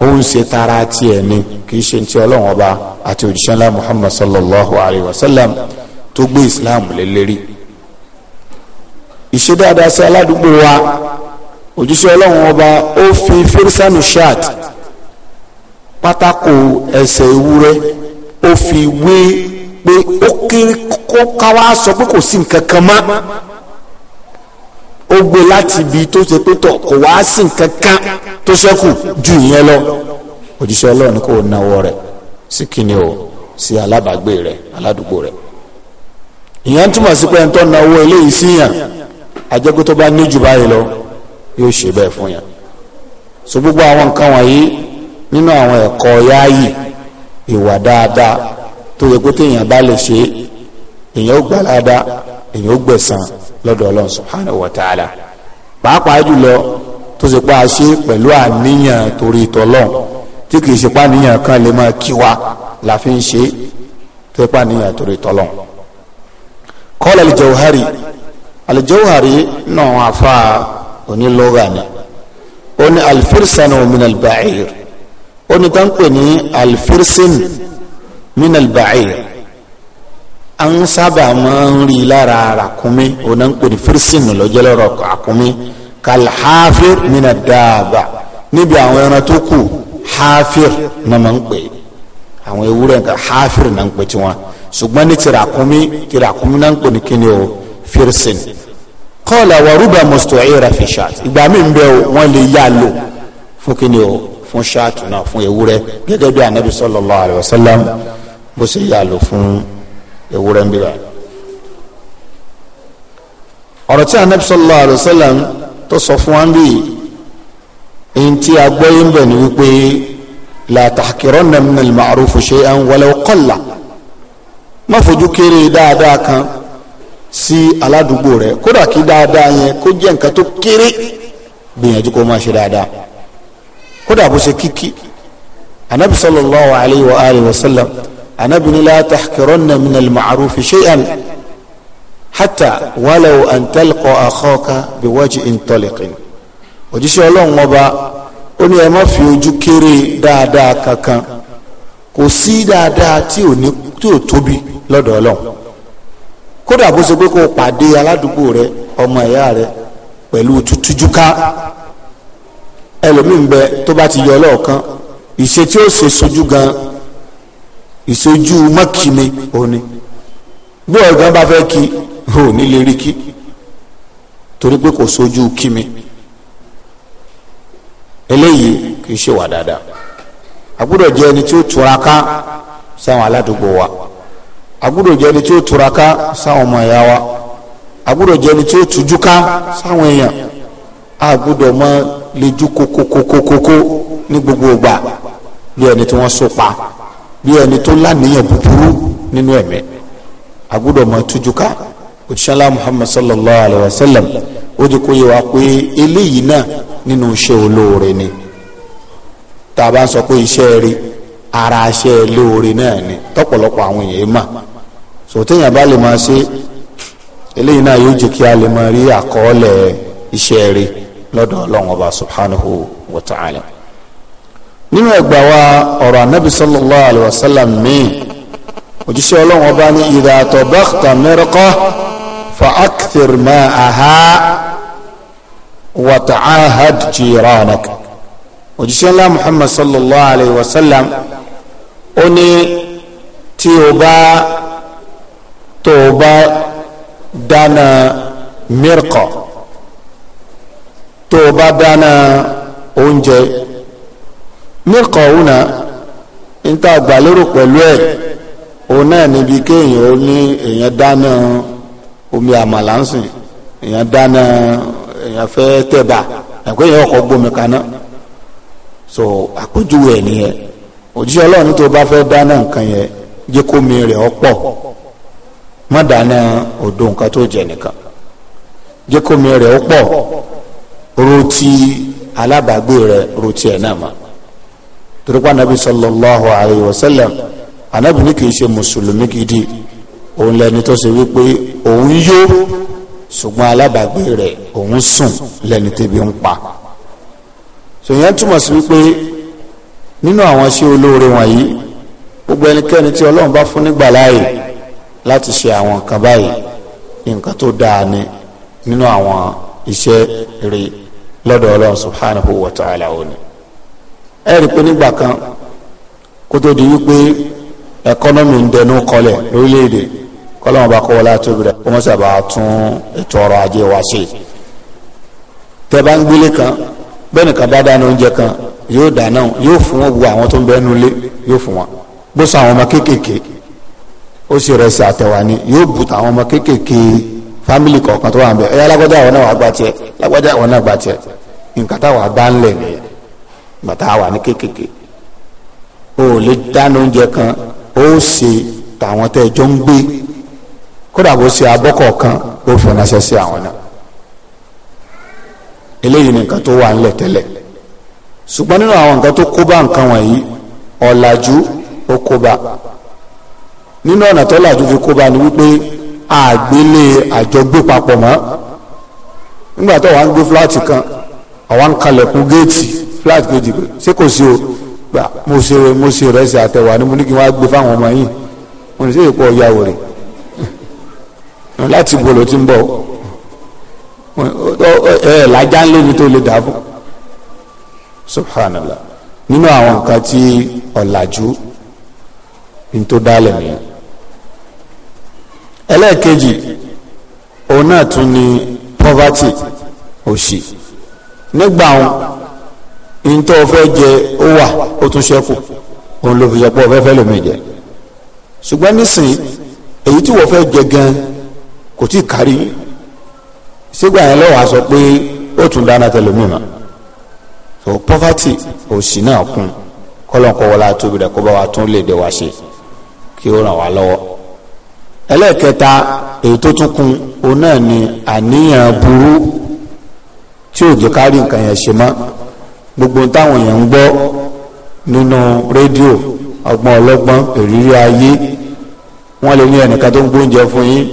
ó ń ṣe tara tiẹ̀ ni kì í ṣe ti Ọlọ́run ọba àti òjíṣẹ́ ńlá Muhammad sallallahu alayhi wa sallam tó gbé Islam lé lérí ìṣe dáadáa sí aládùúgbò wa òjíṣẹ́ ọlọ́run ọba ó fi fírísánù ṣáàt pátákó ẹsẹ̀ ewúrẹ́ ó fi wé pé ó kéré kó káwá sọ pé kò sí nǹkan kan mọ́ ó gbé láti ibi tó ṣe pé tọ̀ kò wá sí nǹkan kan tó ṣẹ́kù ju ìyẹn lọ òjíṣẹ́ ọlọ́run kò náwó rẹ̀ sí kíni o sí alábàágbé rẹ̀ aládùúgbò rẹ̀ ìyẹn túmọ̀ sí pé ẹni tó náwó eléyìí síyàn àjẹkù bá ní jù báyìí lọ yóò ṣe bẹ́ẹ̀ fún yàn so gbogbo àwọn nǹkan wọ̀nyí nínú àwọn ẹ̀kọ́ yáàyè ìwà dáadáa tó yẹ pé téèyàn bá lè ṣe èèyàn ó gbà ládàá èèyàn ó gbẹ̀san lọ́dọ̀ ọlọ́run subhanahu wa ta'ala pàápàá jùlọ tó ṣe pé a ṣe pẹ̀lú àníyàn torí tọ́lọ́n tí kì í ṣe pá níyàn kan lè máa kí wa la fi ń ṣe tó ṣe pá níyàn torí tọ́lọ́n. qala al-Jawhari al-Jawhari náà àfa oní lọ́gà ni ó ní alfirsanu min alba'ir ó ní tán pè ní alfirsin min alba'ir an sábà máa ń rí lára àràkúnmí oní ń pè ní firsin lọ́jọ́ lọ́rọ̀ àkúnmí kalhafir min adaba níbi àwọn ẹran tó kù hafir náà máa ń pè àwọn ewúrẹ́ nǹkan hafir náà ń pè tiwọn ṣùgbọ́n ní tìràkúnmí tìràkúnmí náà ń pè ní kíni o firsin kọ́ọ̀lá wa rúbà musta'ira fi ṣáàt ìgbà mi bẹ o wọ́n lè yá lò fún kí ni o fún ṣáàt náà fún ewúrẹ́ gẹ́gẹ́ bí anabi sallallahu alayhi wa sallam bó ṣe yá lò fún ewúrẹ́ nbíra. ọ̀rọ̀ tí anabi sallallahu alayhi wa sallam tó sọ fún wa bí ẹni tí a gbọ́ yín bẹ̀ ni wípé la tahqiranna min al-ma'ruf shay'an walaw qalla má fojú sí aládùúgbò rẹ kódà kí dáadáa yẹn kó jẹ́ nǹkan tó kéré gbìyànjú kó máa ṣe dáadáa kódà bó ṣe kíkí anabi sallallahu alayhi wa alihi wa sallam anabi ni la tahkiranna min al-ma'ruf shay'an hatta walaw an talqa akhaka biwajhin taliqin òjíṣẹ́ ọlọ́run ọba ó ní ẹ má fi ojú kéré dáadáa kankan kò sí dáadáa tí ò tóbi lọ́dọ̀ ọlọ́run kódà bó ṣe pé kó pàdé aládùúgbò rẹ ọmọ ẹ̀yà rẹ pẹ̀lú tútújúká ẹlòmíín bẹ tó bá ti yọ lọ́ọ̀kan ìṣe tí ó ṣe sojú gan ìṣojú mọ́kìnni òní bí ọ̀gá bá fẹ́ kí ò ní lè rí kí torí pé kò sojú kí eléyìí kì í ṣe wà dáadáa a jẹ́ ẹni tí ó túra sáwọn aládùúgbò wa agbúdò jẹni tí ó túraká sáwọn ọmọ ẹ̀yà wa agbúdò jẹni tí ó tújúká sáwọn èèyàn agbúdò mọ lejú kókókókókó ní gbogbo ìgbà bí ẹni tí wọ́n so pa bí ẹni tó lánìyàn búburú nínú ẹ̀mí agbúdò mọ tújúká òṣìṣẹ́lá muhammad sallallahu alayhi wa sallam ó di kó yẹ wá pé eléyìí náà nínú iṣẹ́ olóore ni tá a bá ń sọ pé iṣẹ́ rí ara iṣẹ́ olóore náà ni tọ́pọ̀lọpọ̀ àwọn èèyàn mọ̀ sòtéèyàn bá lè máa ṣe eléyìí náà yóò jẹ́ kí a lè máa rí àkọọ́lẹ̀ iṣẹ́ rẹ̀ lọ́dọ̀ ọlọ́run ọba subhanahu wa ta'ala nínú ẹgbà wa ọ̀rọ̀ anabi sallallahu alayhi wa sallam míì òjíṣẹ́ ọlọ́run ọba ní idha tabakhta mirqa fa akthir ma'aha wa ta'ahad jiranak òjíṣẹ́ ńlá muhammad sallallahu alayhi wa sallam ó ní tí o bá tó o bá toba dana o oúnjẹ mírkọ̀ òun náà ń tà gbàlérò pẹ̀lú ẹ̀ òun náà níbi kéèyàn ó ní omi àmàlà èèyàn dáná èèyàn fẹ́ tẹ̀bà ẹ̀kọ́ èèyàn so àpèjúwe ẹ̀ nìyẹn òjíṣẹ́ ọlọ́run tó bá fẹ́ dáná nǹkan yẹn jẹ́ rẹ̀ ọ́ má dáná odò nǹkan tó jẹ nìkan jẹ́ kó ó pọ̀ roti alábàágbé rẹ roti ẹ̀ náà ma torípa anabi sallallahu alayhi wa sallam anabi ní kì í ṣe mùsùlùmí gidi òun lẹni tó ṣe wípé òun yó ṣùgbọ́n alábàágbé rẹ òun sùn lẹni tẹ́bi ń pa sòyìn túmọ̀ sí wípé nínú àwọn iṣẹ́ olóore wọ̀nyí gbogbo ẹnikẹ́ni tí ọlọ́run bá fún nígbà láàyè. láti ṣe àwọn nǹkan báyìí nǹkan tó dáa ni nínú àwọn iṣẹ́ rẹ̀ lọ́dọ̀ ọlọ́run subhanahu wa ta'ala òní. ẹ rí i pé nígbà kan kó tó di wípé ẹkọ́nọ́mì ń dẹnu kọlẹ̀ lórílẹ̀‐èdè kọ́lọ́mù bá kọ́ wọlé àtúbí rẹ̀ kó wọ́n sábà tún ètò ọrọ̀ ajé wa ṣe. tẹ bá ń gbélé kan bẹ́ẹ̀ nìkan bá dáná oúnjẹ kan yóò dáná yóò fún wọn wo àwọn tó ń bẹ́ẹ̀ nulẹ̀ yóò fún wọn bó àwọn ọmọ kéékèèké ó sì rẹ̀ sí àtẹ̀wà ni yóò bu tàwọn ọmọ kéékèèké fámìlì kọ̀ọ̀kan tó wà ń bẹ̀ ẹ̀yà lágbájá àwọn náà wà gbà tiẹ̀ lágbájá àwọn náà gbà tiẹ̀ nǹkan táwa bá ń lẹ̀ nìyẹn bàtà wà ní kéékèèké o ò lè dáná oúnjẹ kan ó ṣe tàwọn tẹ́ ẹjọ́ ń gbé kódà bó ṣe abọ́kọ̀ kan ó fi ránṣẹ́ sí àwọn náà eléyìí nìkan tó wà ńlẹ̀ tẹ́lẹ̀ ṣùgbọ́n nínú àwọn nǹkan tó kó bá nǹkan wọ̀nyí ọ̀làjú ó kó bá nínú ọ̀nà tó làjú fi kó bá ní wípé àgbélé àjọgbé papọ̀ mọ́ nígbà tó wàá ń gbé fúláàtì kan àwọn ń kalẹ̀kùn géètì fúláàtì kejì pé ṣé kò sí o gbà mo ṣe mo ṣe ìrẹsì àtẹwà ni mo ní kí wọ́n á gbé fáwọn ọmọ yìí mo ní sí èkó ọ̀yà òrè láti bò ló ti ń bọ̀ ẹ ẹ lájà ń lé mi tó lè dà fún subhanallah nínú àwọn nǹkan tí ọ̀làjú ní tó dálẹ̀ nìyẹn ẹlẹ́ẹ̀kejì òun náà tún ni poverty òṣì nígbà wọn ìntọ́ fẹ́ jẹ ó wà ó tún ṣẹ́kù òun ló fi sọ pé ọ̀fẹ́fẹ́ lòmí jẹ ṣùgbọ́n nísìnyí èyí tí wọ́n fẹ́ jẹ gan kò tí ì kárí sígbà yẹn lọ́wọ́ a sọ pé ó tún dáná tẹlómi mọ́ so poverty òṣì náà kún kọ́lọ́nkọ́ wọlé àtúbí rẹ̀ kó bá wa tún lè dé wa ṣe kí ó ràn wá lọ́wọ́ ẹlẹ́ẹ̀kẹta èyí tó tún kún òun náà ni àníyàn burú tí ò jẹ́ ká rí nǹkan yẹn ṣe mọ́ gbogbo táwọn èèyàn ń gbọ́ nínú rédíò ọgbọ́n ọlọ́gbọ́n ìrírí ayé wọ́n lè ní ẹnìkan tó ń gbóúnjẹ fún yín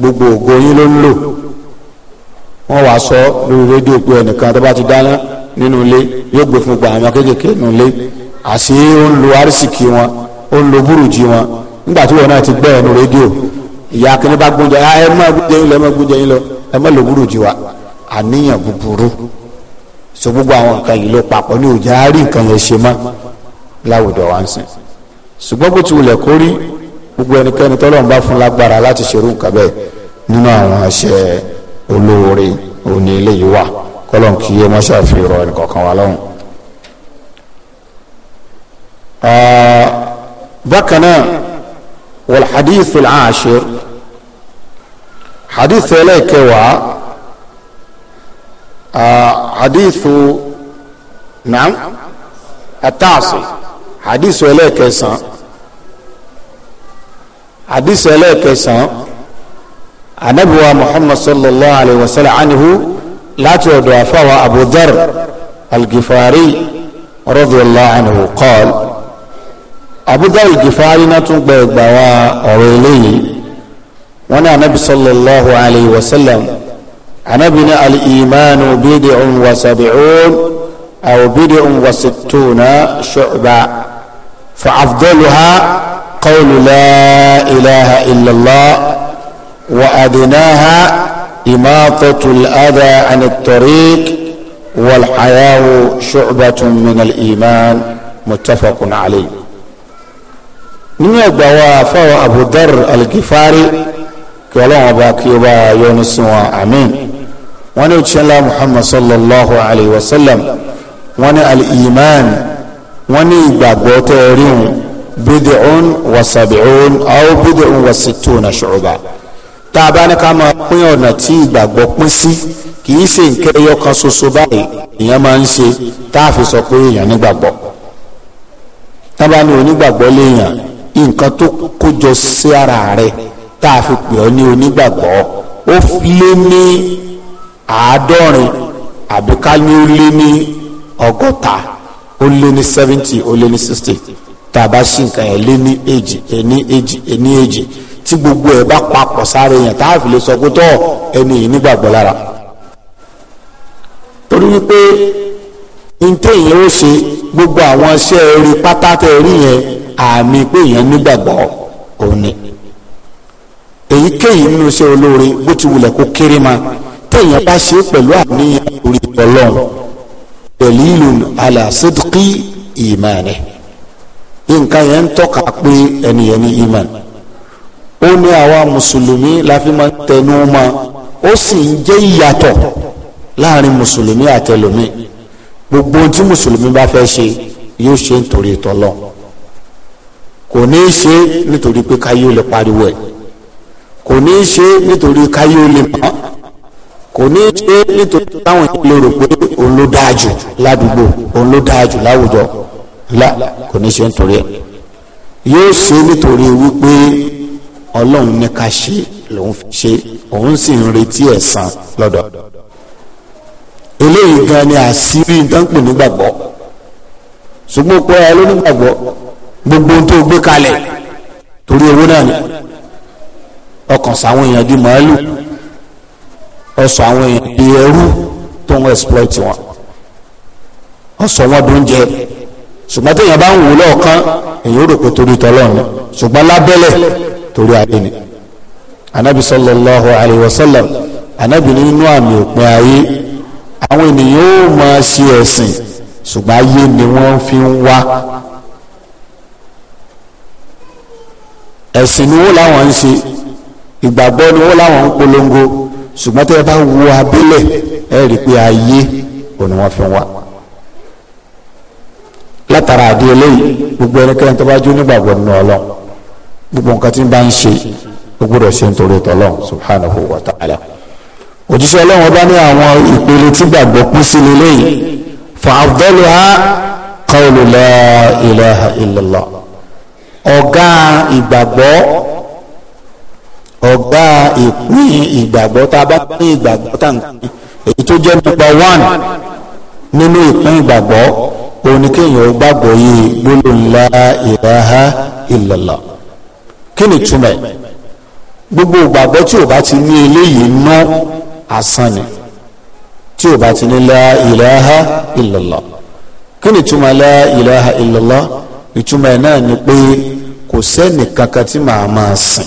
gbogbo ògo yín ló ń lò wọ́n wàá sọ lórí rédíò pé ẹnìkan tó bá ti dáná nínú ilé yóò gbé fún gbàmọ́ kéékèèké nínú ilé àṣé ó ń lo arísìkì wọn ó ń lo búrùjì wọn nígbà tí wọn náà ti gbẹ́ ẹnu rédíò ìyá akíní bá gbóúnjẹ ah, ẹ má gbóúnjẹ yín lọ ẹ má gbóúnjẹ yín lọ ẹ má lò wúrò jù wá àníyàn búburú so gbogbo àwọn nǹkan yìí ló papọ̀ ní òjá rí nǹkan yẹn ṣe mọ́ láwùjọ wa ń sìn ṣùgbọ́n bó ti wulẹ̀ kórí gbogbo ẹnikẹ́ni tọ́lọ́run bá fún lágbára láti ṣerú nǹkan bẹ́ẹ̀ nínú àwọn àṣẹ olóore òní eléyìí wà kọ́lọ́n kí ẹ mọ́ṣá fi ẹnìkọ̀ọ̀kan wa lọ́hùn. Ah, bákan náà والحديث العاشر حديث إليك هو حديث نعم التعصي حديث إليك سان حديث إليك سان النبي محمد صلى الله عليه وسلم عنه لا تدعى فهو أبو ذر الغفاري رضي الله عنه قال abuja ìgìfàárí náà tún gbẹ ẹgbà wa ọ̀rọ̀ eléyìí wọn ní anabi sallallahu alayhi wa sallam anabi ní al-imanu bid'un wa sab'un aw bid'un wa sittuna shu'ba fa ha qawlu la ilaha illallah wa adina ha imatatul adha an ani tariq wal xayawu shu'batun min al-iman muttafaqun alayhi. nínú ẹgbà wa fáwọn Abu Dar al-Ghifari kí ọlọ́run ọba kí ó bá yọ́nú sí wọn àmín wọ́n ní òjíṣẹ́ ńlá Muhammad sallallahu alayhi wa sallam wọ́n ní al-iman wọ́n ní ìgbàgbọ́ tẹ́ rí wọn wa sab'un aw bid'un wa sittuna shu'ba tá a bá ní ká máa pín ọ̀nà tí ìgbàgbọ́ pín sí kì í ṣe nǹkan ẹyọ kan ṣoṣo báyìí èèyàn máa ń ṣe tá a fi sọ pé èèyàn nígbàgbọ́ tábà ní onígbàgbọ́ léèyàn nǹkan tó kójọ sí ara rẹ tá a fi pè ọ́ ní onígbàgbọ́ ó lé ní àádọ́rin àbí ká ní ó lé ní ọgọ́ta ó lé ní seventy ó lé ní sixty tá a bá ṣí nǹkan yẹn lé ní èjì ẹni èjì ẹni èjì tí gbogbo ẹ̀ bá papọ̀ sáré yẹn tá a fi lè sọ pé tọ́ ẹni yìí nígbàgbọ́ lára torí wípé ntẹ̀yìn ó ṣe gbogbo àwọn iṣẹ́ eré pátá tẹ̀ rí yẹn àmì pé èèyàn nígbàgbọ́ òun ni èyíkéyìí nínú iṣẹ́ olóore bó ti wulẹ̀ kó kéré ma téèyàn bá ṣe pẹ̀lú àníyàn orí ọlọ́run pẹ̀lú ìlú aláṣẹ́dùkí ìmánì nǹkan yẹn ń tọ́ka pé ẹnìyẹn ní ìmánì ó ní àwa mùsùlùmí la máa ń tẹnu mọ́ ó sì ń jẹ́ ìyàtọ̀ láàrin mùsùlùmí àtẹlòmí gbogbo ohun tí mùsùlùmí bá fẹ́ ṣe yóò ṣe nítorí tọ́lọ́run kò ní í ṣe nítorí pé káyé ó lè pariwo ẹ̀ kò ní í ṣe nítorí káyé ó lè mọ́ kò ní í ṣe nítorí táwọn èèyàn lè rò pé òun ló dáa jù ládùúgbò òun ló dáa jù láwùjọ la kò ní í ṣe nítorí ẹ̀ yóò ṣe nítorí wípé ọlọ́run ní ká ṣe lòun fi ṣe òun sì ń retí ẹ̀san lọ́dọ̀ eléyìí gan ni àṣírí dánpẹ̀ nígbàgbọ́ ṣùgbọ́n pé ẹ lónígbàgbọ́ gbogbo tó gbé kalẹ̀ torí owó náà ni ọkàn sáwọn èèyàn di màálù ọsọ àwọn èèyàn di ẹrú tó ń exploit wọn ọsọ wọn dùn jẹ ṣùgbọ́n téèyàn bá ń wò lọ́ọ̀kan èèyàn rò pé torí tọ́lọ́run ṣùgbọ́n lábẹ́lẹ̀ torí adé ni anabi sallallahu alayhi wa sallam anabi ní inú àmì òpin ayé àwọn ènìyàn ó máa ṣe ẹ̀sìn ṣùgbọ́n ayé ni wọ́n fi ń wá ẹ̀sìn ni wọ́n láwọn ń ṣe ìgbàgbọ́ ni wọ́n láwọn ń polongo ṣùgbọ́n tẹ́ ẹ bá wo abílẹ̀ ẹ rí i pé ayé òní wọ́n fi wá látara àdé eléyìí gbogbo ẹnikẹ́ni tó bá jó nígbàgbọ́ nínú ọlọ́run gbogbo nǹkan tí ń bá ń ṣe ó gbọ́dọ̀ ṣe nítorí tọ́lọ́run subhanahu wa ta'ala òjíṣẹ́ ọlọ́run ọba ní àwọn ìpele tí gbàgbọ́ kú sí lélẹ́yìn fa afdaluha qawlu la ilaha illallah ọ̀gá ìgbàgbọ́ ọ̀gá ìpín ìgbàgbọ́ tá a bá pín ìgbàgbọ́ tá n pín èyí tó jẹ́ nípa one nínú ìpín ìgbàgbọ́ òun kéèyàn gbàgbọ́ yìí gbólóhùn la ilaha illallah kí ni túmọ̀ gbogbo ìgbàgbọ́ tí ò bá ti ní eléyìí ná asán ni tí ò bá ti ní la ilaha illallah kí ni túmọ̀ la ilaha illallah ìtumọ̀ náà ni pé. kò sẹ́ni kankan tí màá máa sìn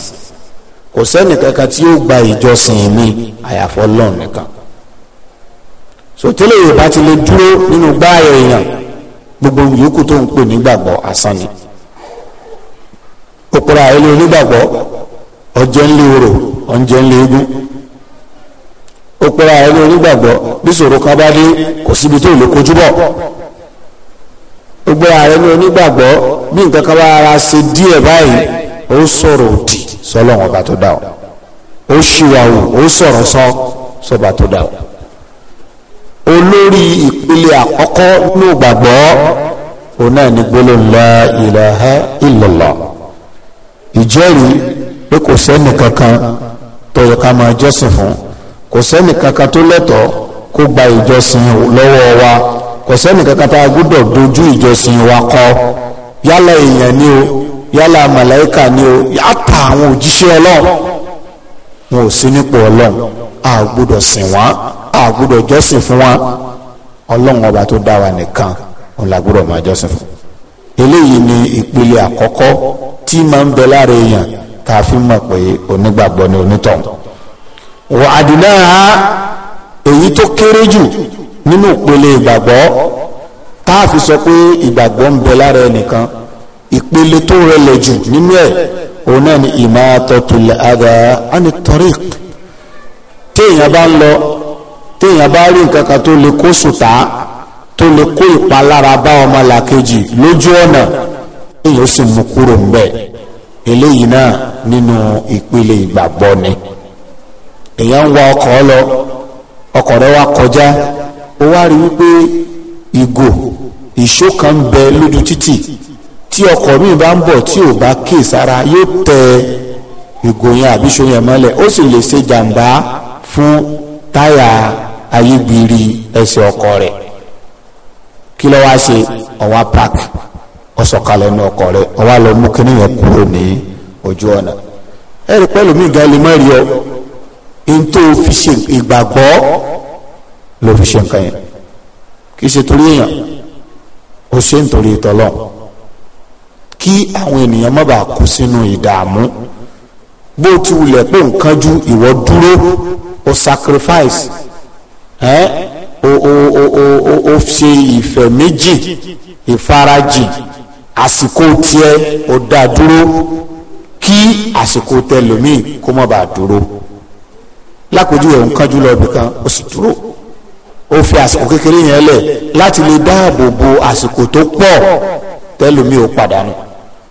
kò sẹ́ni kankan tí yóò gba ìjọsìn mi àyàfọ́ Ọlọ́run nìkan sòtẹ́lẹ̀ yorùbá ti lè dúró nínú gbáàyè èèyàn gbogbo yòókù tó ń pè nígbàgbọ́ asán ni òpòrò onígbàgbọ́ ọjẹ́ ńlẹ̀ orò ọjẹ́ ńlẹ̀ òpòrò onígbàgbọ́ bí gbogbo ààrẹ ní onígbàgbọ́ bí nǹkan kan bá ara ṣe díẹ̀ báyìí ó sọ̀rọ̀ òdì sọlọ́wọ́n ọba tó dá ọ ó ṣìwàwù ó sọ̀rọ̀ sọ sọba tó dá ọ. olórí ìpele àkọ́kọ́ ní ògbàgbọ́ òun náà ní gbólóhùn la ilaha illallah ìjẹ́rìí pé kò sẹ́ni kankan tó yẹ ká máa jọ́sìn fún kò sẹ́ni kankan tó lẹ́tọ̀ọ́ kó gba ìjọsìn lọ́wọ́ wa kò sẹ́ni kankan tá a gbọ́dọ̀ dojú ìjọsìn wa kọ yálà èèyàn ni o yálà màláìkà ni o yàtà àwọn òjíṣẹ́ ọlọ́run wọn ò sí nípò ọlọ́run a gbọ́dọ̀ sìn wọ́n a gbọ́dọ̀ jọ́sìn fún wọn ọlọ́run ọba tó dá wa nìkan òun la gbọ́dọ̀ máa jọ́sìn fún eléyìí ni ìpele àkọ́kọ́ tí máa ń bẹ lára èèyàn tá a fi mọ̀ pé onígbàgbọ́ ni onítọ̀hún wọ́n àdínà èyí tó kéré jù nínú ìpele ìgbàgbọ́ tá a fi sọ pé ìgbàgbọ́ ń bẹ lára ẹnìkan ìpele tó rẹlẹ̀ jù nínú ẹ̀ òun náà ni imatatul adha ani tariq téèyàn bá ń lọ téèyàn bá rí nǹkan kan tó lè kó sùtá tó lè kó ìpalára bá ọmọ làkejì lójú ọ̀nà èyí ó sì mú kúrò ńbẹ̀ eléyìí náà nínú ìpele ìgbàgbọ́ ni èèyàn ń wa ọkọ̀ lọ ọkọ̀ rẹ̀ wá kọjá o wá rí wípé ìgò ìṣó kan ń bẹ lójú títì tí mi bá ń bọ̀ tí ò bá kè sára yóò tẹ ìgò yẹn àbí ìṣó yẹn mọ́lẹ̀ ó sì lè ṣe jàǹbá fún táyà ayégbiri ẹsẹ̀ ọkọ̀ rẹ̀ kí ló wá ṣe ọ̀wá park ọ̀sọ̀kalẹ̀ ní ọkọ̀ rẹ̀ ọ̀wá lọ mú kíní yẹn kúrò ní ojú ọ̀nà ẹ̀rí mi gan lè mọ́ rí fi ṣe ìgbàgbọ́ ló fi ṣe nǹkan yẹn kì í ṣe torí èèyàn ó ṣe ń torí ìtọ́lọ́ kí àwọn ènìyàn má bàa kú sínú ìdààmú bó ti wulẹ̀ pé nǹkan ju ìwọ dúró o sacrifice ẹ́ o o o o o o ṣe ìfẹ́ méjì ìfarajì àsìkò tiẹ̀ o dá dúró kí àsìkò tẹlòmíì kó má bàa dúró lákòójú ẹ̀ ń kánjú lọ bìkan o sì dúró ó fi àsìkò kékeré yẹn lẹ̀ láti lè dáàbò bo àsìkò tó pọ̀ tẹ́lómi ò pàdánù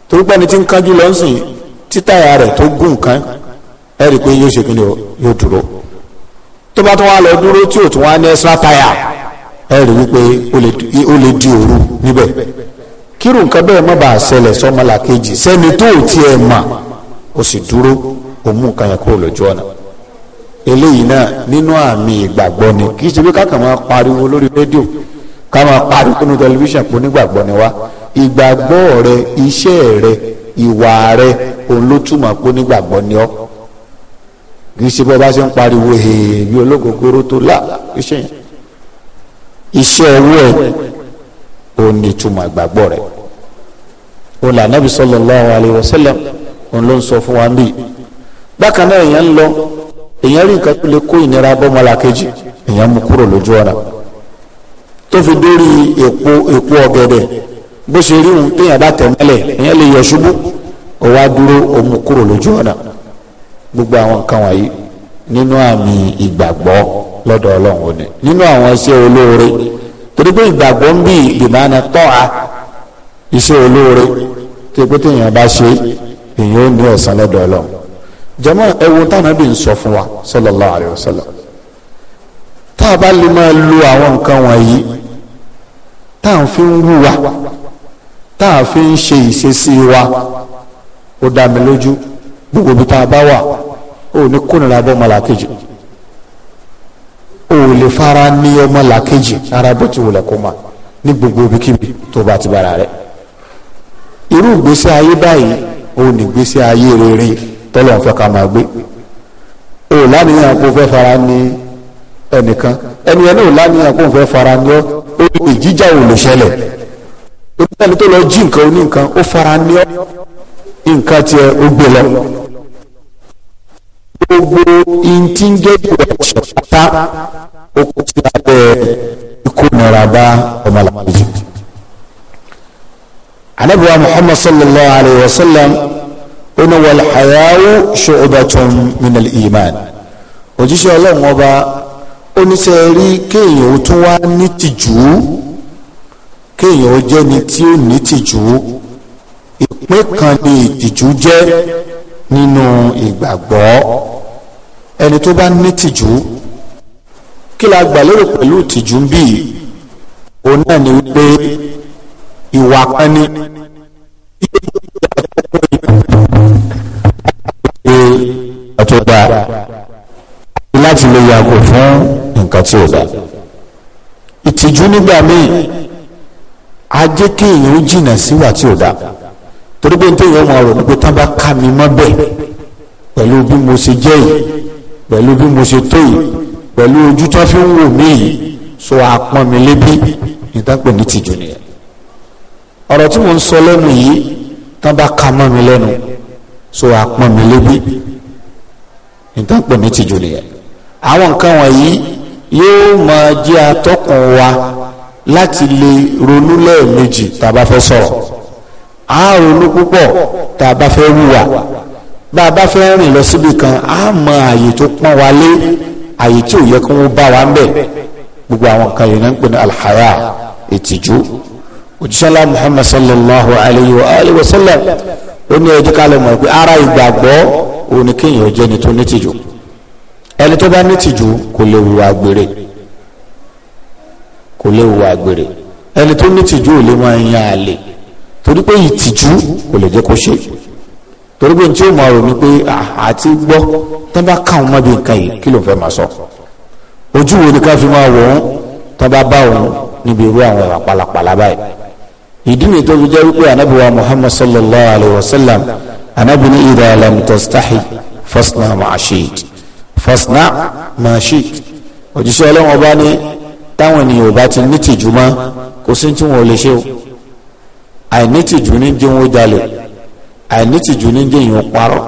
torí pé ni tí ń kánjú lọ ń sìn títáyà rẹ̀ tó gùn nǹkan ẹ rí i pé yóò ṣe kíni yóò dúró tó bá tún wá lọ dúró tí ò tún wá ní extra táyà ẹ rí i pé ó lè di òru níbẹ̀ kírun nǹkan bẹ́ẹ̀ má bàa ṣẹlẹ̀ kejì sẹ́ni tó tiẹ̀ mà ó sì dúró òun yẹn kúrò lójú ọ̀nà. eléyìí náà nínú àmì ìgbàgbọ́ ni kì í ṣe bí káàkiri máa pariwo lórí rédíò ká máa pariwo nínú tẹlifíṣàn kó nígbàgbọ́ ni wá ìgbàgbọ́ rẹ iṣẹ́ rẹ ìwà rẹ òun ló túmọ̀ kó nígbàgbọ́ ni ọ́ kì í ṣe bọ́ bá ṣe ń pariwo èèyàn ológogoro tó là iṣẹ́ yẹn iṣẹ́ owó ẹ̀ òun ni túmọ̀ ìgbàgbọ́ rẹ òun là nàbì sallallahu alaihi wasallam òun ló ń sọ fún wa níbí bákan náà èèyàn rí nǹkan tó lè kó ìnira bọ́mọlàkejì èèyàn mú kúrò lójú ọ̀nà tó fi dórí èpo èpo ọ̀gẹ̀dẹ̀ bó ṣe rí òun téèyàn bá tẹ̀ mọ́lẹ̀ èèyàn lè yọ ṣubú òun á dúró òun mú kúrò lójú ọ̀nà gbogbo àwọn nǹkan wọ̀nyí nínú àmì ìgbàgbọ́ lọ́dọ̀ ọlọ́run òní nínú àwọn iṣẹ́ olóore torí pé ìgbàgbọ́ ń bí ìgbìmọ̀nà tọ́ha iṣẹ́ olóore tó pé téèyàn bá ṣe èèyàn ò ní ẹ̀san lọ́dọ̀ ọlọ́run jama ẹwo tánàbí ń sọ fún wa sallallahu alayhi wa sallam tá a bá lè máa lo àwọn nǹkan wọ̀nyí tá a fi ń hùwà tá a fi ń ṣe ìṣesí wa ó dá mi lójú gbogbo bí tá a bá wà ó ní kónira bọ́ ọmọlàkejì ó lè fara ní ọmọlàkejì ara bó ti wulẹ̀ kó ma ní gbogbo ibikíbi tó bá ti bára rẹ̀ irú ìgbésí ayé báyìí ó ní ìgbésí ayé rere. Re tọ́lọ̀ ń fẹ́ ká máa gbé o láníyàn kó fẹ́ fara ní ẹnìkan ẹni ẹni ò láníyàn kó fẹ́ fara ní ọ ó ní ìjíjà ò lè ṣẹlẹ̀ ó ní ẹni tó lọ jí nǹkan oní nǹkan ó fara ní ọ nǹkan tiẹ̀ ó gbé lọ gbogbo ìntí ń gẹ́gẹ́ ọ̀ṣẹ̀ pátá ó kó abẹ́ ikú nira bá ọmọlàmọ́lẹ́jì. anabiwa muhammad sallallahu alayhi wa sallam ó ní wal haya'u shu'batun minal iman òjíṣẹ́ ọlọ́run ọba oníṣẹ́ rí kéèyàn ó tún wá ní tìjú kéèyàn ó jẹ́ni tí ó ní tìjú ìpín kan ní ìtìjú jẹ́ nínú ìgbàgbọ́ ẹni tó bá ní tìjú kí la gbà lérò pẹ̀lú ìtìjú ń bì òun ni wípé ìwà kan ní nǹkan tí ò dá ìtìjú nígbà míì á jẹ́ kéèyàn ó jìnà síwà tí ò dá torí pé nítorí ọmọ rò nípa tán bá ká mi mọ́ bẹ́ẹ̀ pẹ̀lú bí mo ṣe jẹ́ yìí pẹ̀lú bí mo ṣe tó yìí pẹ̀lú ojú tó fi ń wò mí yìí so àpọ́n mi lébi ìdápẹ̀ ní tìjú nìyẹn ọ̀rọ̀ tí mo ń sọ lẹ́nu yìí tán bá ká mọ́ mi lẹ́nu so àpọ́n mi lébi ìdápẹ̀ ní tìjú nìyẹn àwọn nǹkan wọ̀nyí yóò máa jẹ́ atọ́kùn wa láti lè ronú lẹ́ẹ̀mejì tá a bá fẹ́ sọ̀rọ̀ a ronú púpọ̀ tá fẹ́ wùwà bá a bá fẹ́ rìn lọ síbi kan a mọ àyè tó pọ́n wa lé àyè tí ò yẹ kí wọ́n bá wa ń bẹ̀ gbogbo àwọn kan yìí náà ń pè ní alhaya ìtìjú òjíṣẹ́lá muhammad sallallahu alayhi wa alayhi wa sallam ó ní ẹjọ́ kálẹ̀ mọ̀ pé ara ìgbàgbọ́ òun ni kéèyàn jẹ́ ni tó nítìjú ẹni tó bá ní tìjú kò lè hùwà àgbèrè kò lè hùwà àgbèrè ẹni tó ní tìjú ò lè máa yan àlè torí pé ìtìjú kò lè jẹ́ kó ṣe torí pé tí ó máa rò ní pé àti gbọ́ tó bá káwọn mọ́bi nǹkan yìí kí ló fẹ́ máa sọ ojú wo ni ká fi máa wọ̀ ọ́n tó bá bá òun níbi irú àwọn ìwà pálapàla báyìí ìdí mi tó fi jẹ́ wípé ànábì wa muhammad sallallahu alayhi wa sallam ànábì ní idha lam tastahi fasna fasna mashi òjíṣẹ́ ọlọ́wọ́n bá ní táwọn ènìyàn ò bá ti ní tìjú mọ́ kò sí tí wọn ò lè ṣe o àìní tìjú ní jẹ́ wọn ó jalè àìní tìjú ní jẹ́ èèyàn parọ́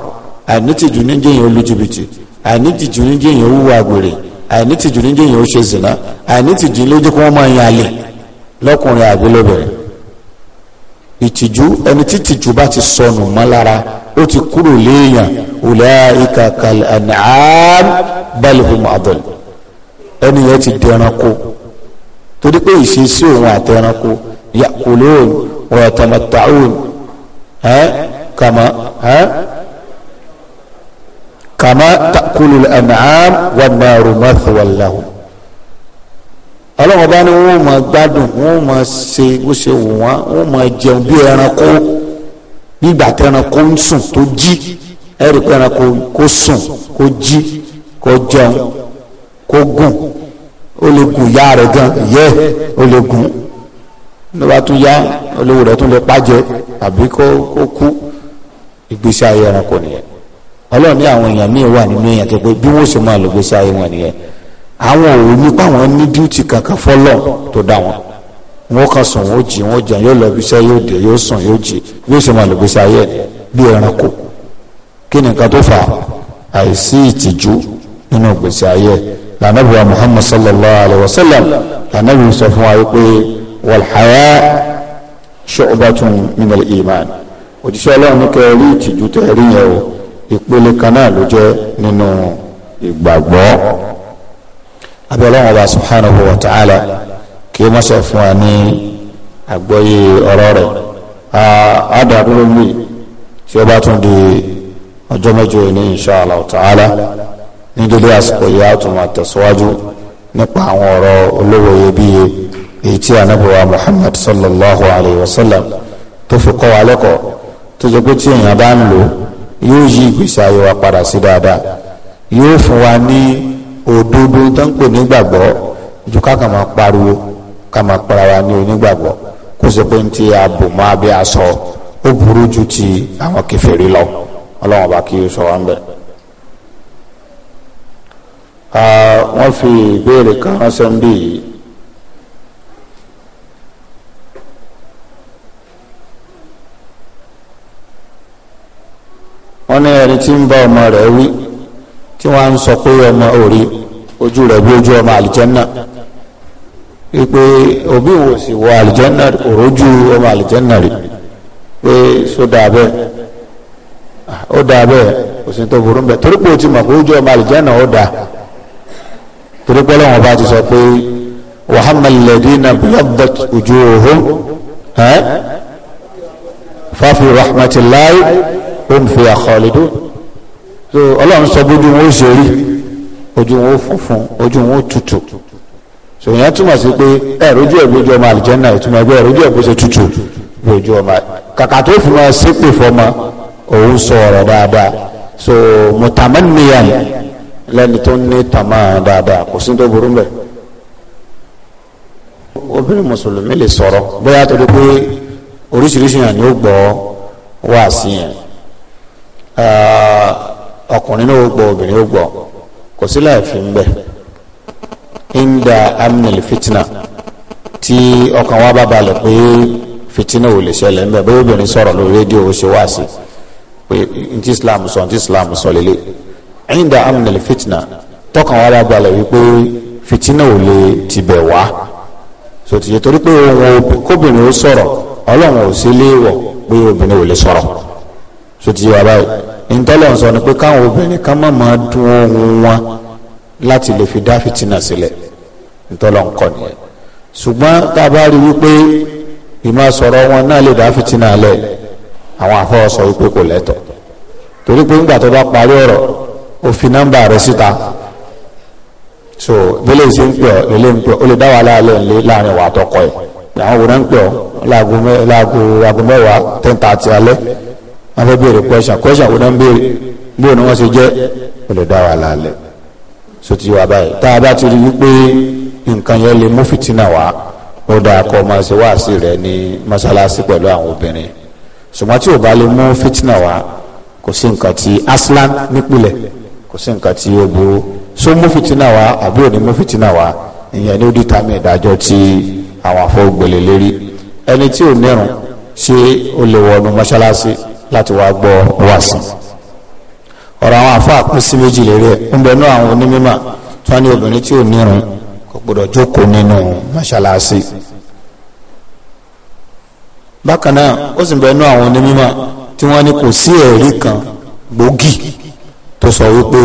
àìní tìjú ní jẹ́ èèyàn lu jìbìtì àìní tìjú ní jẹ́ èèyàn hùwà àgbèrè àìní tìjú ní jẹ́ èèyàn ó ṣe zìnà àìní tìjú ló jẹ́ kí wọ́n máa yan àlè lọ́kùnrin àbí lóbìnrin ìtìjú ẹni tí tìjú bá ti sọnù mọ́ lára ó ti kúrò léèyàn ulaika kal an'am bal hum adall ẹni yẹn ti dẹranko torí pé ìṣesí òun àtẹranko ya'kulun wa yatamatta'un kama kama ta'kulul an'am wan naru mathwan lahum ọlọ́run bá ní wọ́n máa gbádùn wọ́n máa ṣe bó ṣe wù wọ́n wọ́n máa jẹun bí ẹranko nígbà tí ẹranko ń sùn tó jí ẹ̀rí pé ẹranko kó sùn kó jí kó jẹun kó gùn ó lè gùn ìyá rẹ̀ gan yẹ ó lè gùn ló bá tún yá olówó rẹ̀ tún lè pàjẹ́ àbí kó kú ìgbésí ayé ẹranko nìyẹn ọlọ́run ní àwọn èèyàn míì wà nínú èèyàn tó pé bí wọ́n ṣe máa lò ìgbésí ayé wọn nìyẹn àwọn ò rí páwọn ní díútì kankan fọlọ́ tó dá wọn wọn kan sùn wọn jí wọn jẹun yóò lọ ibi iṣẹ́ yóò dé yóò sùn yóò jí yóò sì máa lò gbèsè ayé bí ẹranko kí ni nǹkan tó fà àìsí ìtìjú nínú gbèsè ayé lànàbí wa muhammad sallallahu alayhi wa sallam lànàbí sọ fún wa pé wàlhàyà ṣọ́ọ̀bàtún minal iman òjíṣẹ́ ọlọ́run ní kẹ́ rí ìtìjú tẹ̀ rí yẹn o ìpele kan náà ló jẹ́ nínú ìgbàgbọ́ abẹ́lẹ́wọ̀n ọba subhanahu wa ta'ala kí ó mọ́ṣẹ́ fún wa ní àgbọ́yé ọ̀rọ̀ rẹ̀ àádọ́dúró mi tí ó bá tún di ọjọ́ mẹ́jọ ní insha Allah ta'ala ní délé àsìkò yìí a tún nípa àwọn ọ̀rọ̀ olówó iyebíye èyí tí anábọ̀wá Muhammad sallallahu alayhi wa sallam tó fi kọ́ wa lẹ́kọ̀ọ́ tó jẹ́ pé tí èèyàn bá ń lò yóò yí ìgbésí ayé wa padà sí dáadáa yóò fún wa ní òdodo tó ń pè nígbàgbọ́ ju ká kà máa pariwo ká máa para wa ní onígbàgbọ́ kó sì pé ní ti àbòmọ́ abẹ́ aṣọ ó burú ju ti àwọn kèfèrí lọ ọlọ́wọ́n bá kí sọ wá bẹ̀. wọ́n fi ìbéèrè kan ránṣẹ́ ń bí yìí. wọ́n ní ẹni tí ń bá ọmọ rẹ̀ wí tí wọ́n ń sọ pé ọmọ òrí ojú rẹ̀ bí ojú ọmọ àlìjẹ́nà wípé òbí wo sì wọ àlìjẹ́nà òrójú ọmọ àlìjẹ́nà rí pé só dáa bẹ́ẹ̀ ah, ó dáa bẹ́ẹ̀ kò sí tó burú bẹ́ẹ̀ torí pé o ti mọ̀ pé ojú ọmọ àlìjẹ́nà ó dáa torí pé ọlọ́wọ́n bá ti sọ pé wàhámà lẹ́dínà bíyàbọ̀t ojú òhún fáfi rahmatulahi ó ń fi àkọọ́lẹ́dún so ọlọ́run sọ bójú wọn ó ṣe rí ojú wọn ó funfun ojú wọn ó tutù so ìyẹn túmọ̀ sí pé ẹ̀rọ ojú ẹ̀ bójú ọmọ àlìjẹ́nà ìtumọ̀ ẹgbẹ́ ẹ̀rọ ojú ẹ̀ bó ṣe tutù bójú ọmọ kàkà tó fi máa ṣépè fọmọ òun sọ ọ̀rọ̀ dáadáa so mùtàmánìyàn lẹ́ni tó ní tàmá dáadáa kò sí tó burú mbẹ́ obìnrin mùsùlùmí lè sọ̀rọ̀ bóyá tó dé pé oríṣiríṣi yàn ni ó gbọ́ wá sí yẹn. Uh, ọkùnrin náà obìnrin ó kò sí láìfi ń bẹ inda amnil fitna tí ọkàn wa bá balẹ̀ pé fitina ò lè ṣẹlẹ̀ ń bẹ obìnrin sọ̀rọ̀ lórí rédíò ó ṣe sọ islam sọ lélẹ̀ wa bá balẹ̀ wípé fitina ò lè wá torí pé kóbìnrin ó sọ̀rọ̀ ọlọ́run ò sí léèwọ̀ pé obìnrin ò lè ntọ́lọ̀ ń sọ ni pé káwọn obìnrin kan má máa dún ohun wọn láti lè fi dá fìtínà sílẹ̀ ntọ́lọ̀ ń kọ́ nìyẹn ṣùgbọ́n tá a bá rí wípé ìmọ̀ sọ̀rọ̀ wọn náà lè dá fìtínà lẹ̀ àwọn afọ́wọ́ sọ wípé kò lẹ́tọ̀ torí pé ńgbà tó bá parí ọ̀rọ̀ ó fi nọ́mbà rẹ̀ síta so bele ṣe ń pè ọ́ lele ń pè ọ́ ó lè dá wàhálà alẹ́ ńlẹ́ láàrin ìwà àtọkọ ẹ̀ àwọn ń pè ọ́ láago mẹ́wàá ten thirty alẹ́ wọ́n fẹ́ béèrè kọ́ṣà kọ́ṣà kò náà ń bó ni wọ́n ṣe jẹ́ kò lè dá wa lálẹ́ sotí wa báyìí tá a bá ti rí wípé nǹkan yẹn lè mú fìtínà wá ó dáa kọ́ máa ṣe wáàsí rẹ̀ ní mọ́ṣáláṣí pẹ̀lú àwọn obìnrin ṣùgbọ́n tí ò bá lè mú fìtínà wá kò sí nǹkan tí aslan nípìnlẹ̀ kò sí nǹkan tí ó burú so mú fìtínà wá àbí ò ní mú fìtínà wá ìyẹn ní ó dìtàmì ìdájọ́ tí àwọn afọ́gbẹ̀lẹ̀ lérí ẹni tí ò nírun ṣé ó lè wọnú mọ́ṣáláṣí láti wá gbọ́ wàásù ọ̀rọ̀ àwọn àfáà pín sí méjì lérè ń bẹ náà àwọn onímọ̀ tí wọ́n ní obìnrin tí ò nírun kò gbọdọ̀ jókòó nínú mọ́ṣáláṣí bákan náà ó sì ń bẹ náà àwọn onímọ̀ tí wọ́n ní kò sí ẹ̀rí kan gbòógì tó sọ wípé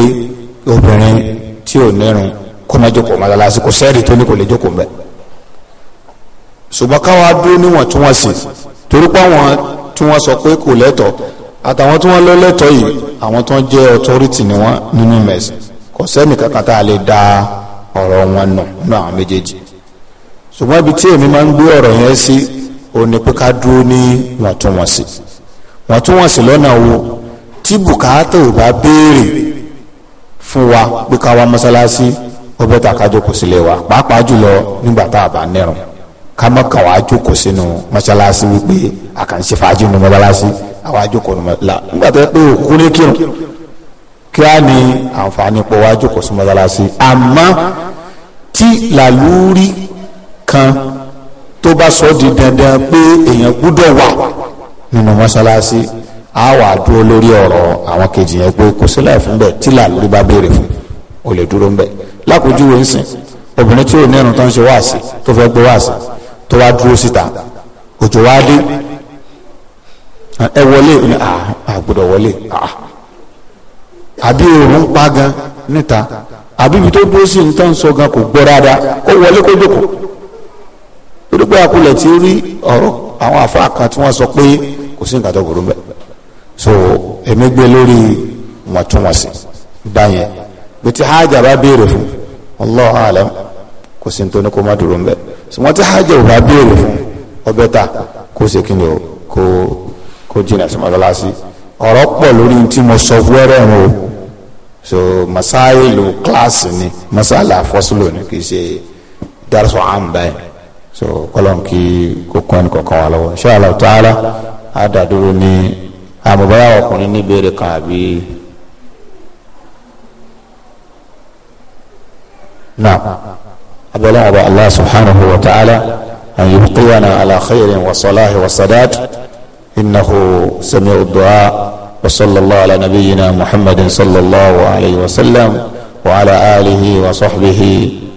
obìnrin tí ò nírun kó má jókòó mọ́ṣáláṣí kò sẹ́ẹ̀rí tó ní kò lè jókòó mbẹ́ ṣùgbọ́n káwa dúró níwọ̀ntúnwọ̀nsì torí pé àwọn tí wọ́n sọ pé kò lẹ́tọ̀ọ́ àtàwọn tí wọ́n lọ lẹ́tọ̀ọ́ yìí àwọn tó ń jẹ́ authority ni wọ́n nínú mẹ̀sìn kò sẹ́ni kankan tá a lè da ọ̀rọ̀ wọn nù nínú àwọn méjèèjì ṣùgbọ́n ibi tí èmi máa ń gbé ọ̀rọ̀ yẹn sí ó ní pé ká dúró ní wọ̀ntúnwọ̀nsì wọ̀ntúnwọ̀nsì lọ́nà wo tí bùkátà ò bá béèrè fún wa pé ká wá mọ́sálásí ó bẹ́ẹ̀ ta ká jókòó sílé wa pàápàá jùlọ nígbà tá a bá nírun kama má kàn wá jókòó sínú mọ́ṣáláṣí wípé àkànṣe fàájì nínú mọ́ṣáláṣí àwa jókòó nínú mọ́ṣáláṣí nígbà tó yẹ pé òkú ní kírun kí á ní àǹfààní pọ̀ wá jókòó sí mọ́ṣáláṣí àmọ́ tí làlúrí kan tó bá sọ di dandan pé èèyàn gbúdọ̀ wà nínú mọ́ṣáláṣí á wà dúró lórí ọ̀rọ̀ àwọn kejì yẹn pé kò sílẹ̀ fún bẹ́ẹ̀ tí làlúrí bá béèrè fún ò lè dúró ń bẹ́ẹ̀ lákòójú wo ń sìn obìnrin tí ò ní ẹ̀rùn tó ń ṣe wáàsí tó fẹ́ gbé tó wá dúró síta òjò wá dé ah, ẹ wọlé ní àgbọ̀dọ̀ ah, wọlé ah, àbí òòrùn pa gan níta àbí ibi tó dúró sí ní tán sọ gan kò gbọ́ dáadáa ó wọlé kó jókòó torí pé ti rí ọ̀rọ̀ àwọn àfáà kan tí wọ́n sọ pé kò sí nǹkan tó burú so èmi gbé lórí wọ̀ntúnwọ̀nsì báyẹn bí ti hajj bá béèrè fún Allahu alam kò sí ní kó má dúró ṣùgbọ́n tí hajj ò bá béèrè fún ọbẹ̀ ta kó ṣe kí ni o kó kó jìnnà sí mọ́tọ́lásí ọ̀rọ̀ pọ̀ lórí tí mo sọ wẹ́rẹ́ ń o so masailu kíláàsì ni masala fọ́sílò ni kì í ṣe dárúsọ àǹbá yìí so kọ́lọ́n kí kó ẹni kọ̀ọ̀kan wà lọ́wọ́ insha Allah ta'ala á dàdúró ní àmọ̀báyà ọkùnrin níbèrè kan àbí. náà. أبولا الله سبحانه وتعالى أن يبقينا على خير وصلاح وصداد إنه سميع الدعاء وصلى الله على نبينا محمد صلى الله عليه وسلم وعلى آله وصحبه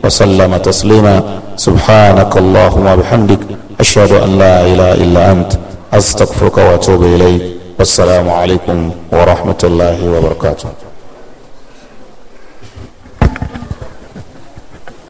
وسلم تسليما سبحانك اللهم وبحمدك أشهد أن لا إله إلا أنت أستغفرك وأتوب إليك والسلام عليكم ورحمة الله وبركاته